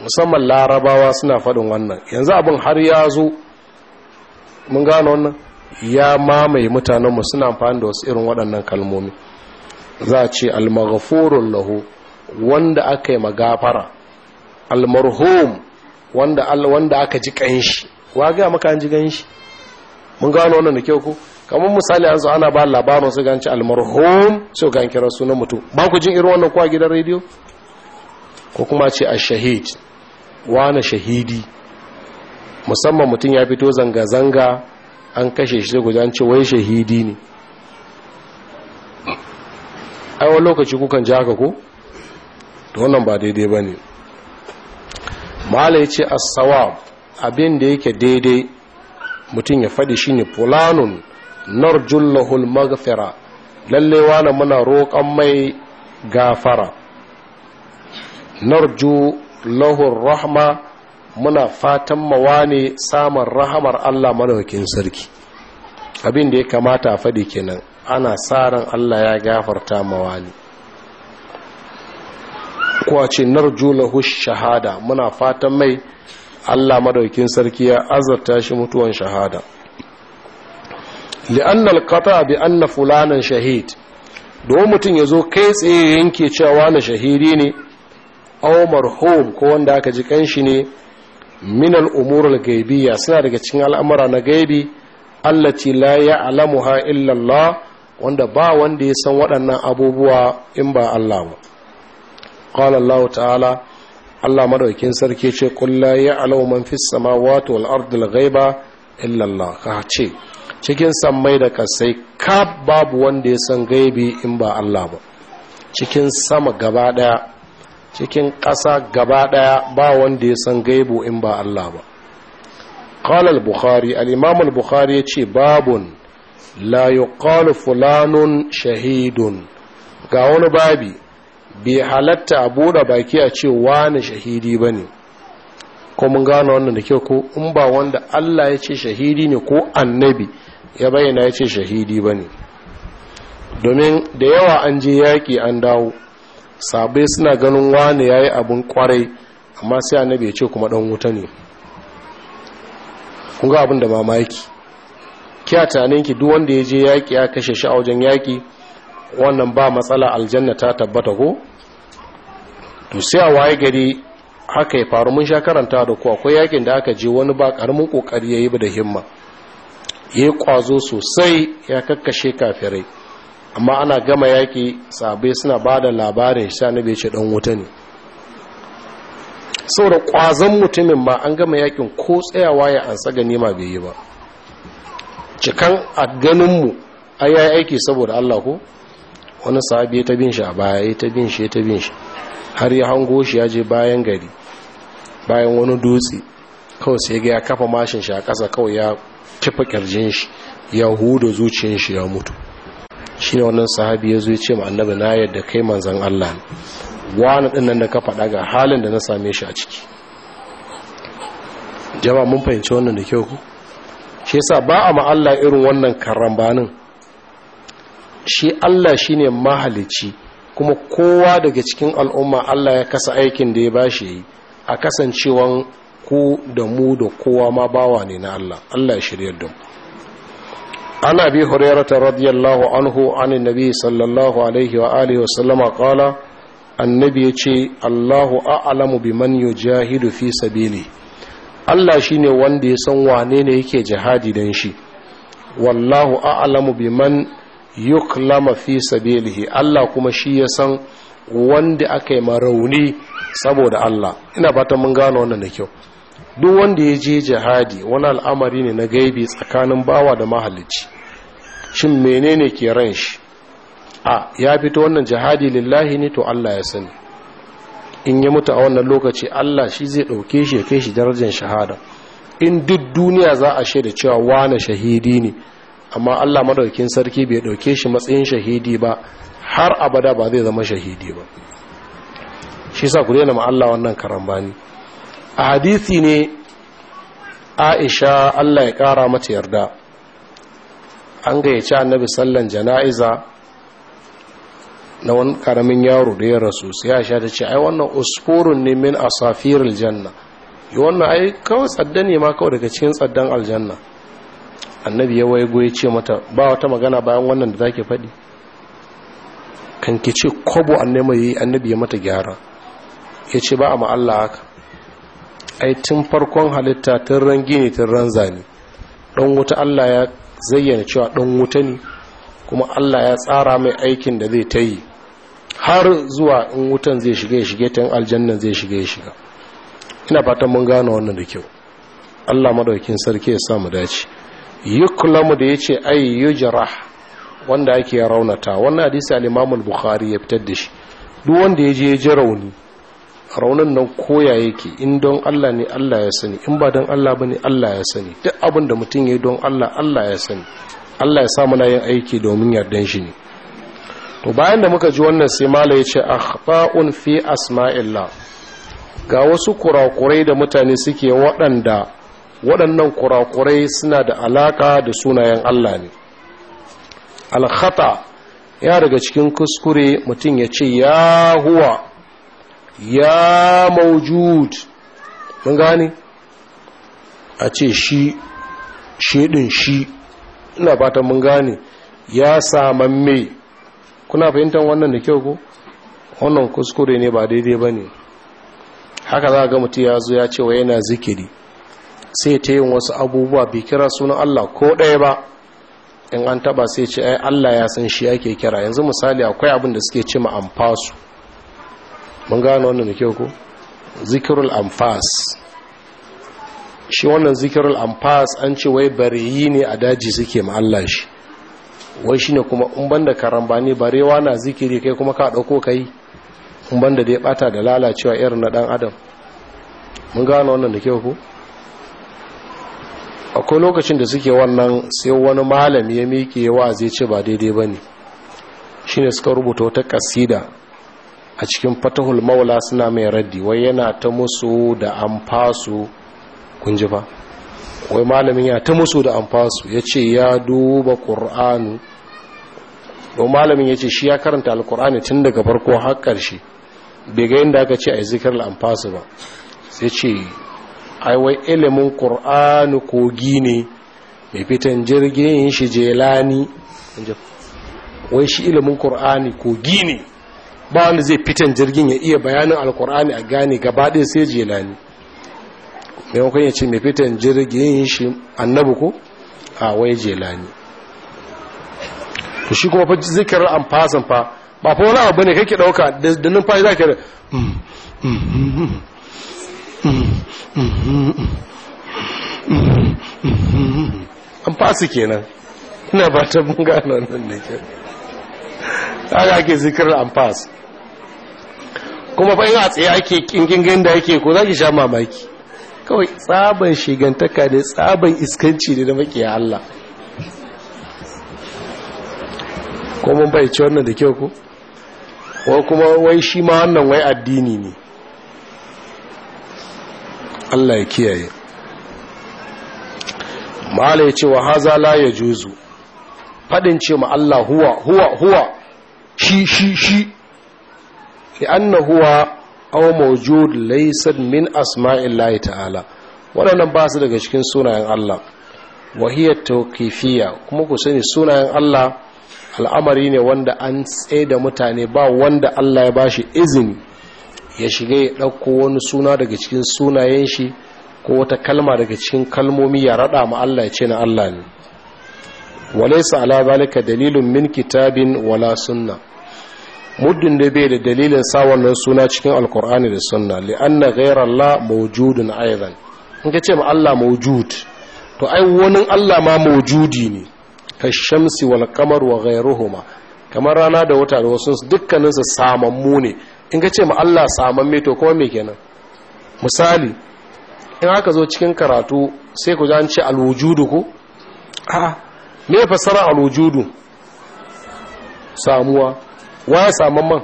musamman larabawa suna faɗin wannan yanzu abin har ya zo mun gano wannan ya mamaye mutanenmu suna amfani da wasu irin waɗannan kalmomi za a ce almaghafurun lahu wanda aka yi magafara almarhum wanda wanda aka ji kanshi wa ga maka an ji ganshi mun gano wannan da kyau ko kamar misali an zo ana ba labarin su ganci almarhum sai ga kira sunan mutum ba ku jin irin wannan ko a gidan rediyo ko kuma ce a shahid wani shahidi musamman mutum ya fito zanga-zanga an kashe shi guda an ce wai shahidi ne ai wani lokaci kukan ji haka ko to wannan ba daidai ba ne mala ya ce asawab abin da yake daidai mutum ya faɗi shi ne fulanun narjullahul maghfira lallewa na muna roƙon mai gafara narju rahma muna fatan mawa ne samun rahamar allah madaukin sarki abin da ya kamata a faɗi kenan ana sa ran allah ya gafarta mawa ne Kuwa ce narju lahu shahada muna fatan mai Allah madaukin sarki ya azarta shi mutuwan shahada li'anna al-qata bi anna fulanan shahid domin mutum ya zo kai tsaye yanke cewa na shahidi ne aw marhum ko wanda aka ji kanshi ne min al-umur al suna daga cikin al'amura na gaibi allati la ya'lamuha illa Allah wanda ba wanda ya san waɗannan abubuwa in ba Allah ba قال الله ta'ala Allah madaukin sarki ce qul la ya'lamu man fis samawati wal ardi al ghaiba illa Allah ka ce cikin sammai da kasai ka babu wanda ya san gaibi in ba Allah ba cikin sama gaba daya cikin ƙasa gaba daya ba wanda ya san gaibu in ba Allah ba qala al bukhari al imam al bukhari yace babun la yuqalu fulanun shahidun ga wani babi bai halatta a buɗe baki a ce wani shahidi ba ne ko mun gano wannan da kyau ko in ba wanda allah ya ce shahidi ne ko annabi ya bayyana ya ce shahidi ba ne domin da yawa an je yaƙi an dawo sabai suna ganin wani ya yi abin kwarai amma sai annabi ya ce kuma ɗan wuta ne kun ga abin da mamaki tunaninki duk wanda ya je yaƙi ya kashe shi a wajen yaƙi wannan ba matsala aljanna ta tabbata ko to sai a waye gari haka ya faru mun sha karanta da ku akwai yakin da aka je wani ba karamin kokari yayi ba da himma yayi kwazo sosai ya kakkashe kafirai amma ana gama yaki sabai suna ba da labarin sha na bai ce dan wuta ne saboda kwazon mutumin ba an gama yakin ko tsayawa ya ansa ganima bai yi ba cikan a ganinmu a yayi aiki saboda Allah ko wani sahabi ta bin shi a baya ya ta bin shi ya ta bin shi har ya hango shi ya je bayan gari bayan wani dutse kawai sai ga ya kafa mashin shi a ƙasa kawai ya kifa kirjin shi ya huda zuciyar shi ya mutu ne wannan sahabi ya zo ce ma annabi na yadda kai manzan Allah wani din nan da ka faɗa ga halin da na same shi a ciki jama'a mun fahimci wannan da kyau ku shi yasa ba a ma Allah irin wannan karambanin shi Allah shine mahalici kuma kowa daga cikin al'umma Allah ya kasa aikin da ya ba bashi yi a kasancewan ku da mu da kowa ma bawa ne na Allah Allah ya shirya da mu an abi hurairata radiyallahu anhu anin nabi sallallahu alaihi wa alihi wa sallama qala annabi yace Allahu a'lamu biman yujahidu fi sabili Allah shine wanda ya san wane ne yake jihadi dan shi wallahu a'lamu biman yuklama fi sabilihi Allah kuma shi ya san wanda aka yi marauni saboda Allah ina fatan mun gano wannan da kyau duk wanda ya je jihadi wani al'amari ne na gaibi tsakanin bawa da mahalicci shin menene ke ran shi a ya fito wannan jihadi lillahi ne to Allah ya sani in ya mutu a wannan lokaci Allah shi zai ɗauke shi ya kai shi darajar shahada in duk duniya za a shaida cewa wane shahidi ne amma Allah madaukakin sarki bai dauke shi matsayin shahidi ba har abada ba zai zama shahidi ba shi sa ku daina ma Allah wannan karambani a hadisi ne Aisha Allah ya kara mata yarda an gayyaci annabi sallan jana'iza na wani karamin yaro da ya rasu sai Aisha ta ce ai wannan usfurun ne min asafiril janna yi wannan ai kawai tsadda ne ma kawai daga cikin tsaddan aljanna annabi ya waigo ya ce mata ba wata magana bayan wannan da zake faɗi kan ki ce kobo annabi annabi ya mata gyara ya ce ba a ma'alla haka ai tun farkon halitta tun rangi ne tun ran zane wuta Allah ya zayyana cewa dan wuta ne kuma Allah ya tsara mai aikin da zai ta yi har zuwa in wutan zai shiga ya shige tun aljannan zai shiga ya shiga ina fatan mun gano wannan da kyau Allah madaukin sarki ya sa mu dace yuklamu da ya ce yace yi jira wanda ake raunata wannan hadisi al buhari bukhari ya fitar da shi duk wanda ya je ya ji rauni raunin nan koya yake in don Allah ne Allah ya sani in ba don Allah bane Allah ya sani duk abin da mutum yi don Allah Allah ya sani Allah ya sa muna yin aiki domin yardan shi ne to bayan da muka ji wannan sai mala ya ce akhfa'un fi asma'illah ga wasu kurakurai da mutane suke waɗanda waɗannan kurakurai suna da alaƙa da sunayen Allah ne alkhata ya daga cikin kuskure mutum ya ce ya huwa ya maujud mun gane a ce shi shedin shi ina bata mun gane ya saman me. kuna fahimtar wannan da kyau ko wannan kuskure ne ba daidai ba ne haka za ga mutum ya zo ya ce wa yana zikiri sai ta yin wasu abubuwa bi kira sunan Allah ko ɗaya ba in an taba sai ce ai Allah ya san shi yake kira yanzu misali akwai abin da suke ce amfasu mun gano wannan da kyau ko zikirul amfas shi wannan zikirul amfas an ce wai bareyi ne a daji suke ma Allah shi wai shine kuma in banda karambani barewa na zikiri kai kuma ka dauko kai in banda da ya bata da lalacewa irin na dan adam mun gano wannan da ko akwai lokacin da suke wannan sai wani malami ya miƙe wa'azi ce ba daidai ba ne shi ne suka rubuta wata ƙasida a cikin fatahul maula suna mai raddi wai yana ta musu da an fasu kunji ba wai malamin ya ta musu da an fasu ya ce ya duba ƙur'anu ɗau malamin ya ce shi ya karanta alƙur'ani tun daga farko har ƙarshe bai ga yadda aka ce a yi zikirar an ba sai ce ai wai ilimin ƙur'ani kogi ne mai fitan jirgin yin shi jelani wai shi ilimin ƙur'ani kogi ne ba wanda zai fitan jirgin ya iya bayanin alƙur'ani a gane gabaɗe sai jelani wakon ya ce mai fitan jirgin yin shi annabu ko a wai jelani shi kuma fa zikirar amfasan fa ba fa wani abu ne kake ɗauka da numfashi za ka da hmm, hmm, hmm, an fasu kenan ina ba ta mun gano nan da ke haka ake zikirar an fasu kuma fa a tsaye ake kingingin da ake ko za ki sha mamaki kawai tsaban shigantaka da tsaban iskanci ne da makiya Allah ko mun bai ci wannan da kyau ko wai kuma wai shi ma wannan wai addini ne Allah ya kiyaye mala ya ce wa haza la ya juzu faɗin ce ma Allah huwa huwa huwa shi shi shi anna huwa aw mawjud laysa min asma'illahi ta'ala waɗannan ba su daga cikin sunayen Allah wa hiya tawqifiyya kuma ku sani sunayen Allah al'amari ne wanda an tsaye da mutane ba wanda Allah ya bashi izini ya shiga ya ɗauko wani suna daga cikin sunayen shi ko wata kalma daga cikin kalmomi ya raɗa ma Allah ya ce na Allah ne walaisa ala zalika dalilin min kitabin wala sunna muddin da bai da dalilin sa wannan suna cikin alkur'ani da sunna li'anna ghayra Allah mawjudun aidan in ka ce ma Allah mawjud to ai wani Allah ma mawjudi ne ka shamsi wal qamar wa ghayruhuma kamar rana da wata da wasu dukkaninsu samammu ne in ka ce ma Allah saman me to kuma me kenan misali in aka zo cikin karatu sai ku zance alwujudu ko a me fasara alwujudu samuwa waya saman man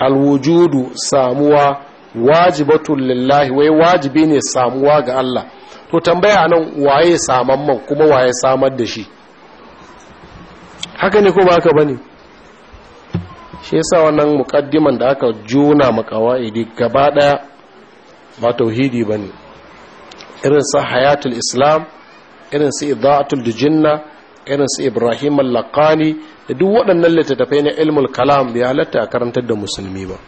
alwujudu samuwa wajibatul lillahi wai wajibi ne samuwa ga Allah to tambaya nan waye saman man kuma waye samar da shi haka ne ko ba haka bane shi yasa wannan mukaddiman da aka juna makawa idi gaba daya ba tauhidi ne irin sa hayatul islam irin su idaatul jinna irin su ibrahim al-laqani da duk waɗannan littattafai na ilmul kalam bai halatta a karantar da musulmi ba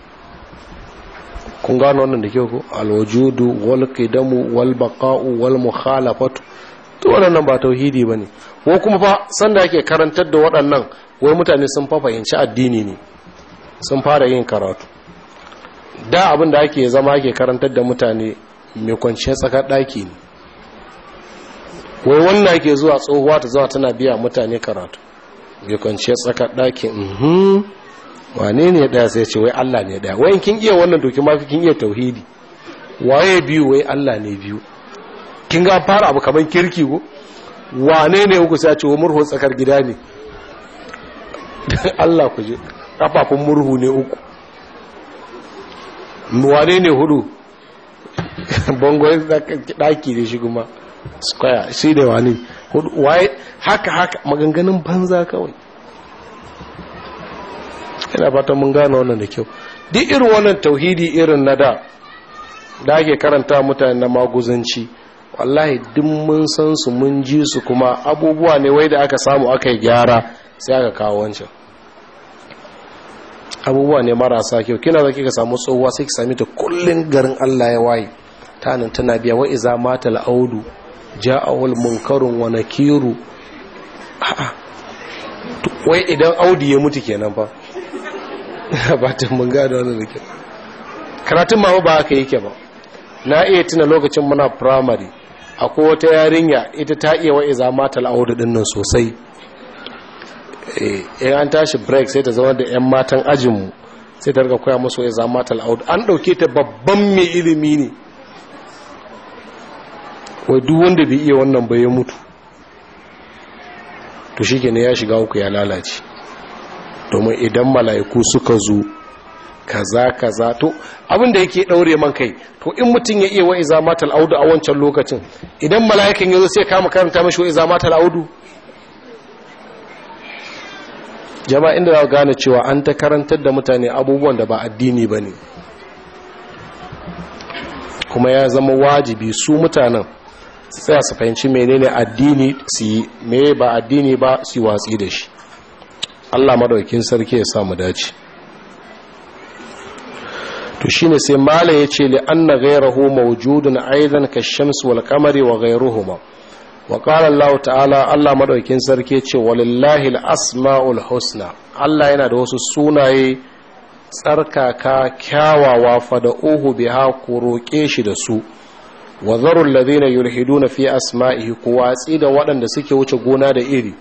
kun gano wannan da ke ku alwajudu wal qidamu wal baqa'u wal mukhalafatu to waɗannan ba tauhidi ne ko kuma fa sanda yake karantar da waɗannan wai mutane sun fa fahimci addini ne sun fara yin karatu da abin da ake zama ke karantar da mutane mai kwanciyar tsakar daki ne wai wannan ke zuwa tsohuwa ta zuwa tana biya mutane karatu mai kwanciyar tsakar mhm wane ne daya sai ce wai allah ne daya? wai kin iya wannan doki mafi kin iya tauhidi waye biyu wai allah ne biyu kin ga fara abu kamar kirki ko wane ne uku sai ce wa murhu tsakar gida ne Allah ku je kafafun murhu ne uku wane ne hudu bangon daki da shi kuma square shi da wani hudu waye haka haka maganganun banza kawai ina fata mun gane wannan da kyau duk irin wannan tauhidi irin na da da ake karanta mutane na maguzanci wallahi duk mun san su mun ji su kuma abubuwa ne wai da aka samu aka yi gyara sai aka kawo wancan abubuwa ne marasa kyau kina zaki ka samu tsohuwa sai ki sami ta kullun garin Allah ya waye ta nan tana biya wa iza matal audu ja'awul munkarun wa nakiru a'a wai idan audu ya mutu kenan ba ba ta mun gane wannan ke karatun ma ba haka yake ba na iya tuna lokacin muna primary akwai wata yarinya ita ta iya wa iza matal audu dinnan sosai Eh, in an tashi break sai ta zama da 'yan matan ajinmu sai ta riga koya musu ya zama tal'aud an ɗauke ta babban mai ilimi ne wai duk wanda bai iya wannan ba ya mutu to shi ya shiga uku ya lalace domin idan mala'iku suka zo kaza kaza to abin da yake daure man kai to in mutum ya iya wa'iza matal audu a wancan lokacin idan mala'ikan zo sai kama karanta mashi wa'iza matal audu jama'a inda za gane cewa an ta karantar da mutane abubuwan da ba addini ba ne kuma ya zama wajibi su mutanen tsaya su fahimci menene addini su yi me ba addini ba su watsi da shi allah madaukin sarki ya samu dace to shi ne sai mala ya ce li na gairahu mawujudun aizan ka shams wal qamari wa ma' wa Allah ta'ala Allah maɗaukin sarki ce walillahi asmaul husna Allah yana da wasu sunaye tsarkaka kyawawa fada'uhu biha ku roƙe shi da su wa zarul ladina na fi asma'i ku watsi da waɗanda suke wuce gona da iri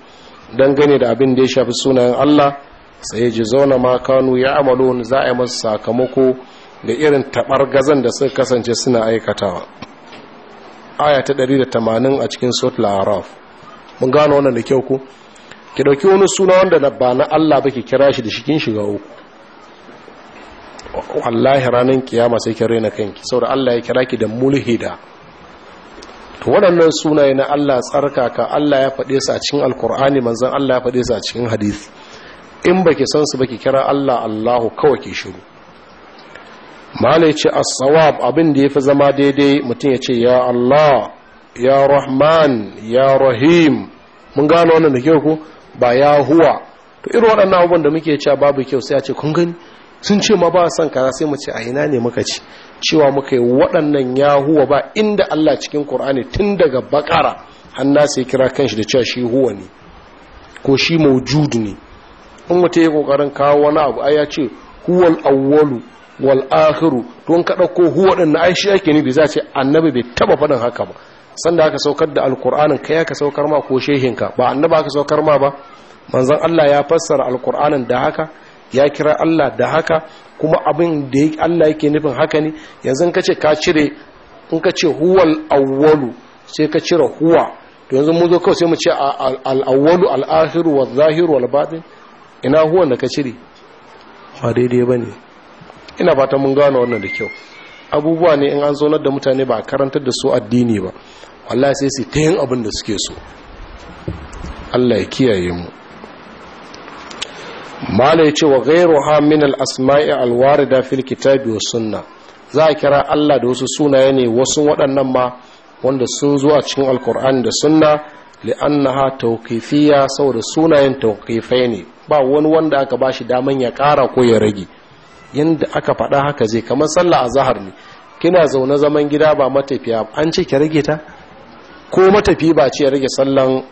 dangane da abin da ya shafi sunayen Allah sai ji zauna ma kanu ya amalu za a yi masu sakamako da irin taɓar gazan da suka kasance suna aikatawa aya ta 180 a cikin suratul araf mun gano wannan da kyau ko ki dauki wani suna wanda ba na Allah ba ki kira shi da shikin shiga uku wallahi ranar kiyama sai ki raina kanki saboda Allah ya kira ki da mulhida to waɗannan sunaye na Allah tsarkaka Allah ya faɗe su a cikin alkur'ani manzan Allah ya faɗe su a cikin hadisi in baki san su baki kira Allah Allahu kawai ke shiru malai ce asawab abin da fi zama daidai mutum ya ce ya Allah ya Rahman ya Rahim mun gano wannan da kyau ko ba ya huwa to irin waɗannan abubuwan da muke cewa babu kyau sai a ce kun gani sun ce ma ba son kaza sai mu ce a ina ne muka ci cewa muka yi waɗannan ya huwa ba inda Allah cikin Qur'ani tun daga bakara har sai kira kanshi da cewa shi huwa ne ko shi mawjud ne in mutum ya kokarin kawo wani abu ai ya ce huwal awwalu wal akhiru to in ka dauko huwa na aishi yake ne bai za ce annabi bai taba faɗin haka ba sanda aka saukar da alkur'anin kai aka saukar ma ko ka ba annabi aka saukar ma ba manzon Allah ya fassara alqur'anin da haka ya kira Allah da haka kuma abin da Allah yake nufin haka ne yanzu kace ka ce ka cire in ka ce huwal awwalu sai ka cire huwa to yanzu mun zo kawai sai mu ce al-awwalu al-akhiru wal zahiru wal-batin ina huwan da ka cire ba daidai bane ina fatan mun gano wannan da kyau abubuwa ne in an zonar da mutane ba a karantar da su addini ba wallahi sai su ta yin abin da suke so Allah ya kiyaye mu mala ya ce wa gairu min al-asma'i al-warida fil kitabi sunna za a kira Allah da wasu sunaye ne wasu waɗannan ma wanda sun zo a cikin alkur'ani da sunna li'annaha tawqifiyya saboda sunayen tawqifai ne ba wani wanda aka bashi daman ya kara ko ya rage yanda aka faɗa haka zai kamar sallah a zahar ne kina zaune zaman gida ba matafiya an ce ki rage ta ko matafi ba ce ya rage sallan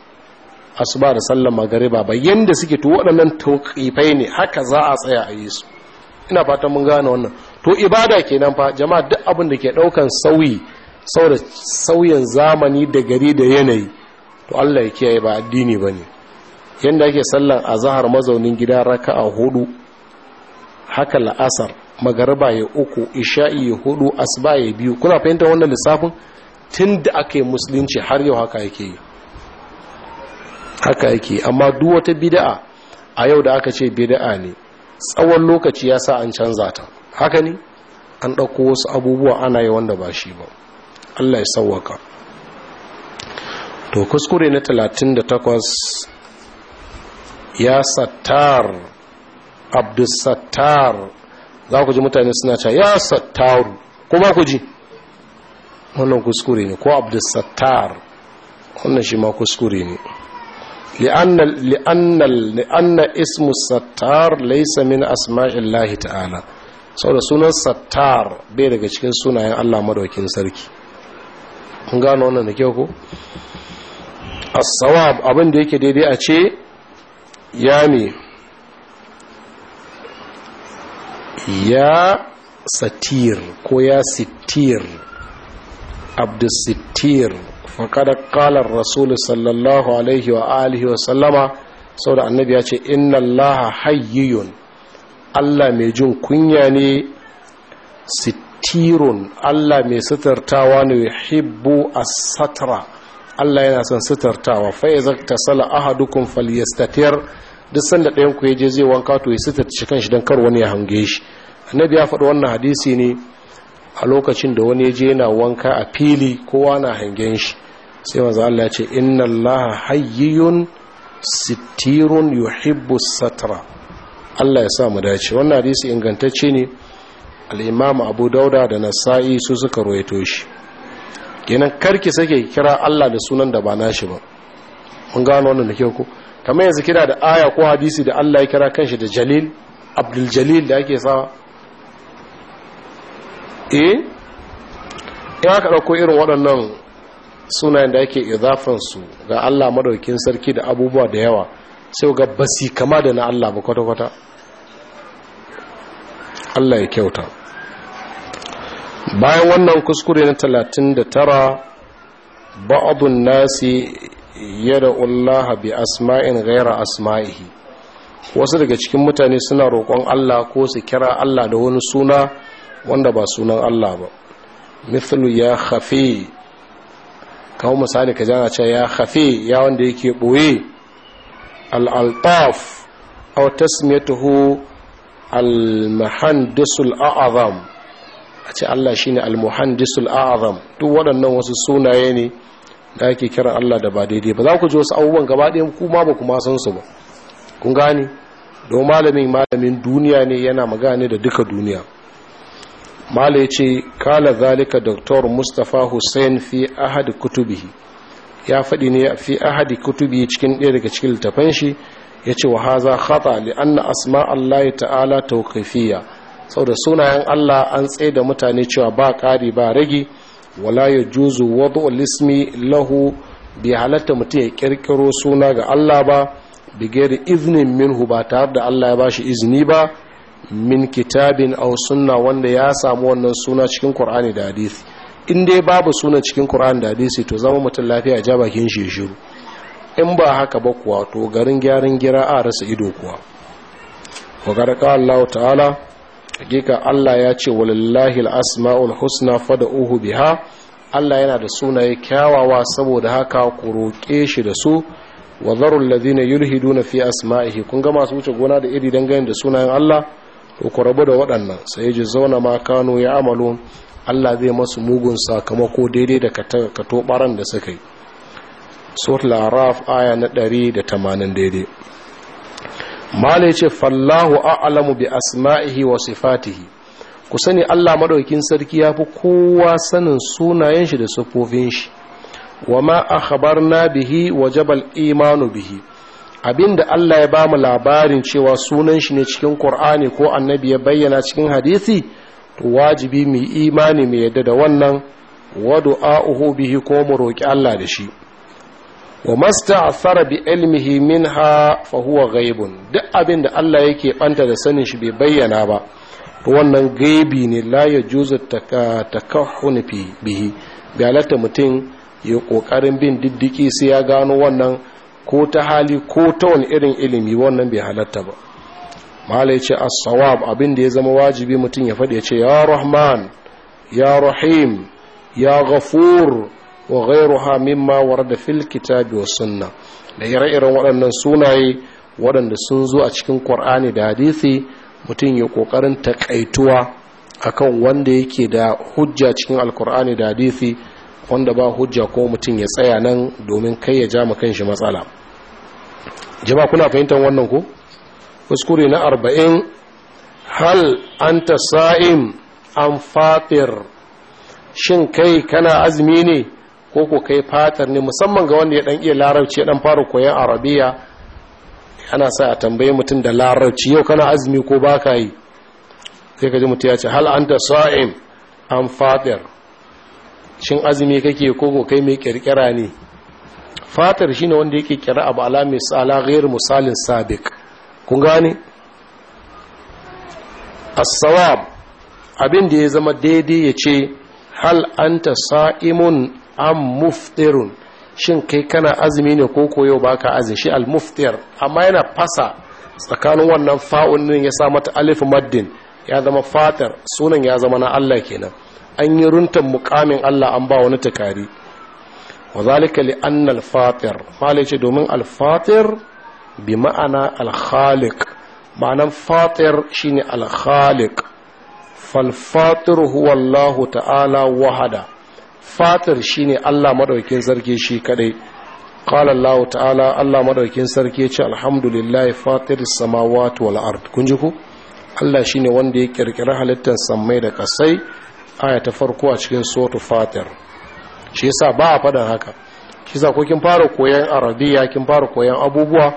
asuba da sallan magariba ba yanda suke to waɗannan tauƙifai ne haka za a tsaya a yi su ina fatan mun gane wannan to ibada kenan fa jama'a duk abin da ke ɗaukan sauyi saboda sauyin zamani da gari da yanayi to Allah ya kiyaye ba addini ba ne yanda ake sallan azhar mazaunin gida raka'a hudu haka la'asar magaraba ya uku isha'i ya hudu asuba ya biyu kuna fahimtar wannan lissafin tun da aka yi musulunci har yau haka yake yi haka yake amma duk wata bida'a a yau da aka ce bida'a ne tsawon lokaci ya sa an canza ta haka ne an ɗauko wasu abubuwa ana yi wanda ba shi ba allah ya sauwaka to kuskure na 38 ya sattar abdussattar za ku ji mutane suna ta ya sattaru ba ku ji wannan kuskure ne ko abdussattar wannan shi ma kuskure ne li'anna ismu sattar laisa min asma'illahi ta'ala da sunan sattar bai daga cikin sunayen allah madaukin sarki kun gano wannan da kyau ko as-sawab abin da yake daidai a ce ya ne ya satir ko ya sitir abdusittir faƙada ƙalar rasulun sallallahu alaihi wa alihi wa sallama sau da annabi ya ce inna allaha hayyiyun allah mai jin kunya ne sitirun allah mai sitartawa ne hibbu a satara allah yana son sitartawa fa'izar ta sala ahadukun falyastatir duk sanda ɗayan ku ya je zai wanka to ya sita shi kanshi don kar wani ya hange shi annabi ya faɗi wannan hadisi ne a lokacin da wani ya je yana wanka a fili kowa na hangen shi sai manzo Allah ya ce inna Allah hayyun sitirun yuhibbu satra Allah ya sa mu dace wannan hadisi ingantacce ne al-Imam Abu Dauda da Nasa'i su suka rawaito shi kenan karki sake kira Allah da sunan da ba nashi ba mun gano wannan da kyau ko kamar yanzu kira da aya ko hadisi da Allah ya kira kanshi da jalil abdul jalil da ake sawa eh ya aka ɗauko irin waɗannan sunayen da ake su ga Allah madaukin sarki da abubuwa da yawa sai ga basi kama da na Allah ba kwata-kwata Allah ya kyauta bayan wannan kuskure na 39 ba'adun nasi yad'u Allah bi asma'in ghaira asma'ihi wasu daga cikin mutane suna roƙon Allah ko su kira Allah da wani suna wanda ba sunan Allah ba mithlu ya khafi kawo misali ka jana ce ya khafi ya wanda yake ɓoye al-altaf aw tasmiyatuhu al-muhandisul a'zam a ce Allah shine al-muhandisul a'zam duk waɗannan wasu sunaye ne da ake kira Allah da ba daidai ba za ku ji wasu abubuwan gaba ɗayan ku ba ku ma san su ba kun gane don malamin malamin duniya ne yana magana da duka duniya mala ya ce kala zalika Dr. mustapha hussein fi ahadi kutubihi ya faɗi ne fi ahadi kutubi cikin ɗaya daga cikin littafan shi ya ce wa haza khata li anna asma allahi ta'ala tawqifiyya saboda sunayen Allah an tsaye da mutane cewa ba ƙari ba rage wala ya juzu wadu lismi lahu bai halatta mutum ya kirkiro suna ga Allah ba da iznin minhu ba tare da Allah ya bashi izini ba min kitabin aw sunna wanda ya samu wannan suna cikin Qur'ani da hadisi in dai babu suna cikin Qur'ani da hadisi to zama mutum lafiya ja bakin shi shiru in ba haka ba kuwa to garin gyaran gira a rasa ido kuwa ko garqa Allah ta'ala hakika Allah ya ce walillahi husna asmaul husna uhu biha Allah yana da sunaye kyawawa saboda haka ku roƙe shi da su wa zarul yulhidu na fi asma'ihi kun gama su wuce gona da iri dangane da sunayen Allah to ku rabu da waɗannan sai ji zauna ma kano ya amalu Allah zai masu mugun sakamako daidai da katobaran da suka yi suratul araf aya na tamanin daidai malai ce fallahu a'lamu bi asma'ihi wa sifatihi ku sani Allah maɗaukin sarki yafi kowa sanin sunayen shi da sifofin shi wa ma akhbarna bihi wajabal imanu bihi abinda Allah ya bamu labarin cewa sunan shi ne cikin Qur'ani ko annabi ya bayyana cikin hadisi to wajibi mu imani mu yadda da wannan wa du'a'uhu bihi ko mu roƙi Allah da shi wa fara bi ilmihi minha fa huwa gaibun duk abin da Allah yake banta da sanin shi bai bayyana ba to wannan gaibi ne la juzu takahhun fi bihi galata mutum ya kokarin bin diddiki sai ya gano wannan ko ta hali ko ta wani irin ilimi wannan bai halatta ba malai ce as-sawab abin da ya zama wajibi mutum ya faɗi ya ce ya rahman ya rahim ya ghafur wa ghairuha mimma warada fil kitabi was sunna da ire-iren waɗannan sunaye waɗanda sun zo a cikin Qur'ani da hadisi mutum ya kokarin takaituwa akan wanda yake da hujja cikin alkur'ani da hadisi wanda ba hujja ko mutum ya tsaya nan domin kai ya ja kan shi matsala jama kuna fahimtar wannan ku kuskure na arba'in hal anta sa'im fatir shin kai kana azumi ne ko ko kai fatar ne musamman ga wanda ya dan iya larabci ya dan fara koyon arabiya ana sa a tambaye mutum da larabci yau kana azumi ko baka yi sai ka ji mutum ya ce hal anta sa'im an fatir shin azumi kake ko ko kai mai kirkira ne fatar shine wanda yake kira abu ala sala ghairu misalin sabiq kun gane as-sawab abin da ya zama daidai ya ce hal anta sa'imun am muftirun shin kai kana azumi ne ko koyo ka azumi shi al muftir amma yana fasa tsakanin wannan fa'un nan ya sa mata alif maddin ya zama fatar sunan ya zama na Allah kenan an yi runtan mukamin Allah an ba wani takari wa zalika li anna al fatir ce domin al fatir bi ma'ana al khaliq ma'anan fatir shine al khaliq fal fatir huwa Allah ta'ala wahada fatar shi ne Allah maɗaukin sarki shi kaɗai. qala Allah ta'ala Allah maɗaukin sarki ya ce alhamdulillah fatar samawatu wal ard kun ji ku Allah shi ne wanda ya kirkira halittar sammai da kasai aya ta farko a cikin sotu fatar. shi yasa ba a faɗin haka shi yasa ko kin fara koyan arabiya kin fara koyan abubuwa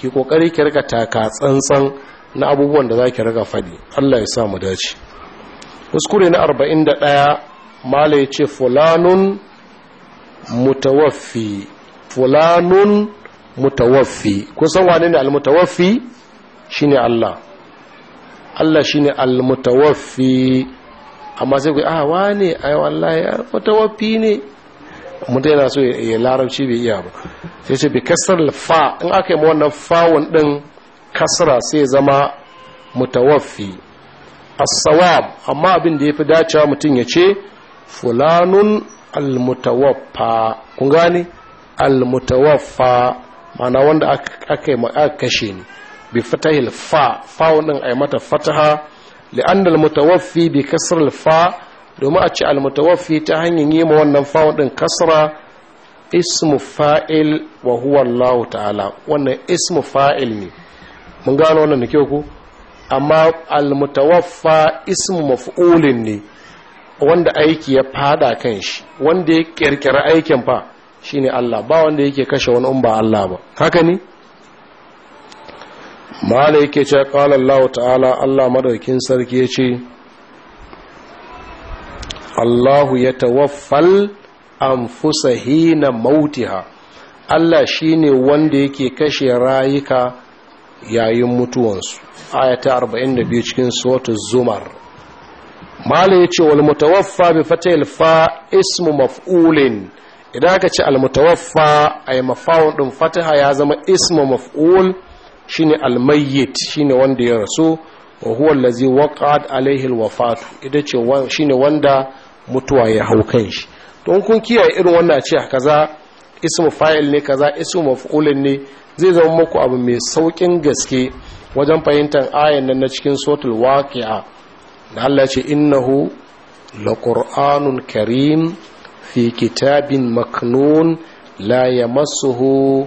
ki kokari ki rika taka tsantsan na abubuwan da zaki rika faɗi Allah ya sa mu dace kuskure na 41 malai ce fulanun mutawaffi fulanun mutawaffi kusan wane ne shi shine Allah Allah shine almutawaffi amma sai ku ah wane ai wallahi mutawaffi ne mutane na so ya larabci bai iya ba sai ce bi kasar fa in aka yi wannan fawon din kasra sai zama mutawaffi as-sawab amma abin da yafi dacewa mutum ya ce fulanun almutawaffa kun gane almutawaffa ma'ana wanda aka aka kashe ne bi fatahil fa fa wannan ay mata fataha li anna almutawaffi bi kasr alfa domin a ce almutawaffi ta hanyar yi ma wannan fa din kasra ismu fa'il wa huwa Allah ta'ala wannan ismu fa'il ne mun gano wannan ne ku amma almutawaffa ismu maf'ulin ne wanda aiki ya fada kan shi wanda ya kirkira aikin fa shine Allah ba wanda yake kashe wani umba Allah ba haka ne mala yake cewa qala Allah ta'ala Allah madaukin sarki yace Allahu yatawaffal anfusa hina mautiha Allah shine wanda yake kashe rayuka yayin mutuwansu ayata 42 cikin suratul zumar mala ya ce wal mutawaffa bi fata fa ismu maf'ulin idan aka ce almutawaffa a yi mafawon ɗin fataha ya zama ismu maf'ul shine almayyit shi ne wanda ya rasu wa huwa allazi waqa'at alaihi al wafatu ita ce ne wanda mutuwa ya hau kan shi don kun kiyaye irin wannan ce kaza ismu fa'il ne kaza ismu maf'ulin ne zai zama muku abu mai saukin gaske wajen fahimtar ayan nan na cikin sotul waqi'a da Allah ce innahu laqur'anun karim fi kitabin maknun la yamassuhu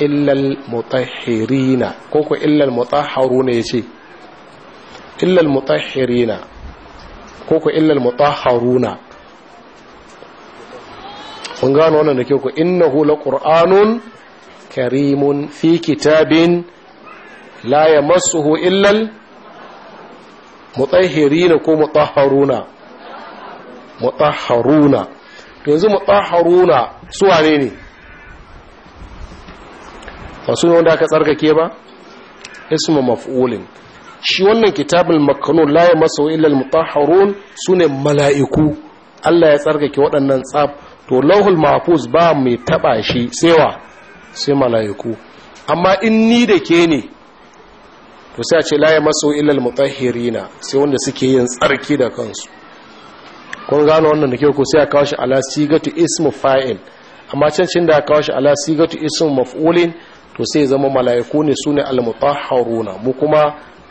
illa almutahhirina ko ko illa almutahharuna yace illa almutahhirina ko ko illa almutahharuna kun gano wannan da ke ku innahu laqur'anun karimun fi kitabin la yamassuhu illa mutahhirina ko mutahharuna mutahharuna yanzu mutahharuna su wane ne ba su wanda aka tsarkake ba ismu maf'ulin shi wannan kitabul makanun la illal illa al sune mala'iku Allah ya tsarkake waɗannan tsab to lauhul mahfuz ba mai taba shi sewa sai mala'iku amma in ni da ke ne to sai a ce laye maso ilal mutahhirina sai wanda suke yin tsarki da kansu kun gano wannan da kyau ko sai a kawo shi ala sigatu ismu fa'il amma can cin da kawo shi ala sigatu ismu maf'ulin to sai zama mala'iku ne sune al mutahharuna mu kuma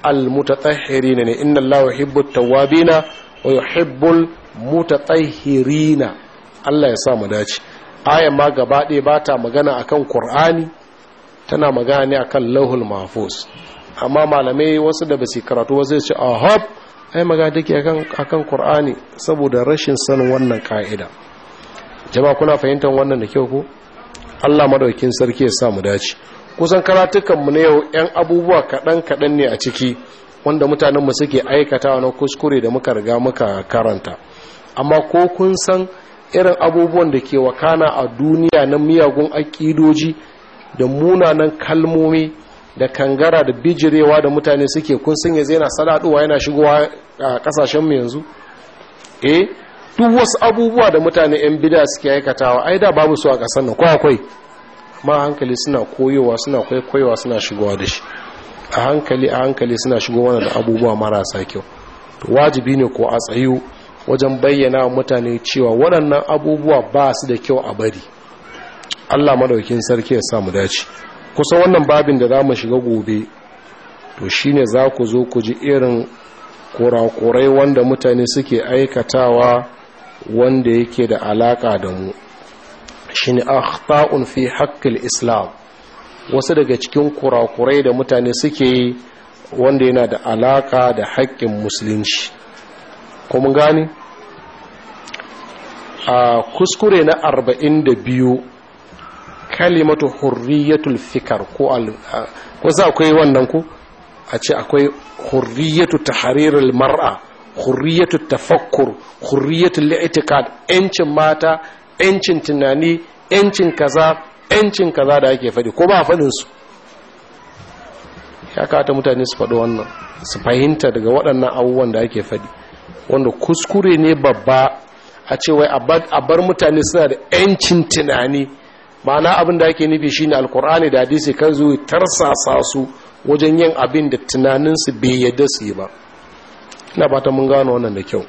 al mutatahhirina ne inna allaha yuhibbu tawwabina wa yuhibbul mutatahhirina Allah ya sa mu dace ayan ma gaba ɗaya ba ta magana akan Kur'ani tana magana ne akan Lauhul Mahfuz amma malamai wasu da basu karatu ba zai ce a hop ai maga take akan kan qur'ani saboda rashin sanin wannan ka'ida jama'a kuna fahimtar wannan da kyau ko Allah madaukin sarki ya sa mu dace kusan karatukan mu ne yau yan abubuwa kadan kadan ne a ciki wanda mutanen mu suke aikatawa na kuskure da muka riga muka karanta amma ko kun san irin abubuwan da ke wakana a duniya na miyagun akidoji da munanan kalmomi da kangara da bijirewa da mutane suke kun sun yi yana saladuwa yana shigowa a kasashen mu yanzu eh duk wasu abubuwa da mutane yan bida suke aikatawa ai da babu su a kasar nan ko akwai ma hankali suna koyowa suna kwaikwayowa suna shigowa da shi a hankali a hankali suna shigowa da abubuwa marasa kyau wajibi ne ko a tsayu wajen bayyana mutane cewa waɗannan abubuwa ba su da kyau a bari Allah madaukin sarki ya sa mu dace Kusa wannan babin da za mu shiga gobe to shi ne za ku zo ku ji irin kurakurai wanda mutane suke aikatawa wanda yake da alaƙa da mu Shin akhta'un fi haƙƙil islam wasu daga cikin kurakurai da mutane suke yi wanda yana da alaƙa da haƙƙin musulunci kuma gani a kuskure na arba'in da biyu kalimatu hurriyatul fikar ko al ko za akwai wannan ku a ce akwai hurriyatu tahrirul mar'a hurriyatu tafakkur hurriyatu li'tiqad yancin mata yancin tunani yancin kaza yancin kaza da ake faɗi ko ba faɗin su ya kata mutane su faɗi wannan su fahimta daga waɗannan abubuwan da ake faɗi wanda kuskure ne babba a ce wai a bar mutane suna da yancin tunani ma'ana abin da ake nufi shine alkur'ani da hadisi kan zuwa tarsasa su wajen yin abin da tunaninsu bai yadda su yi ba ina fata mun gano wannan da kyau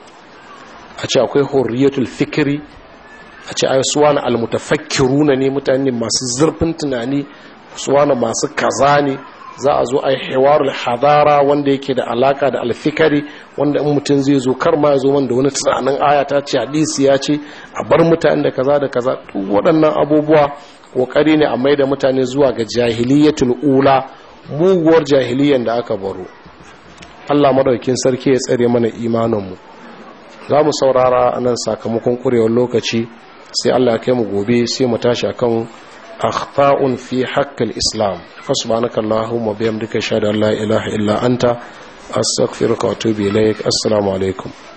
a ce akwai hurriyatul fikiri a ce ai suwana almutafakkiruna ne mutane masu zurfin tunani suwana masu kaza ne za a zo a yi hewarul hadara wanda yake da alaka da alfikari wanda in mutum zai zo kar ma ya zo wanda wani tsanin aya ta ce hadisi ya ce a bar mutane da kaza da kaza duk waɗannan abubuwa kokari ne a mai da mutane zuwa ga jahiliyyatul ula muguwar jahiliyyar da aka baro Allah maraukin sarki ya tsare mana imanin mu za mu saurara nan sakamakon kurewar lokaci sai Allah ya kai mu gobe sai mu tashi akan akhta'un fi haqqil islam fa subhanaka allahumma bihamdika ashhadu an la ilaha anta astaghfiruka wa atubu assalamu alaikum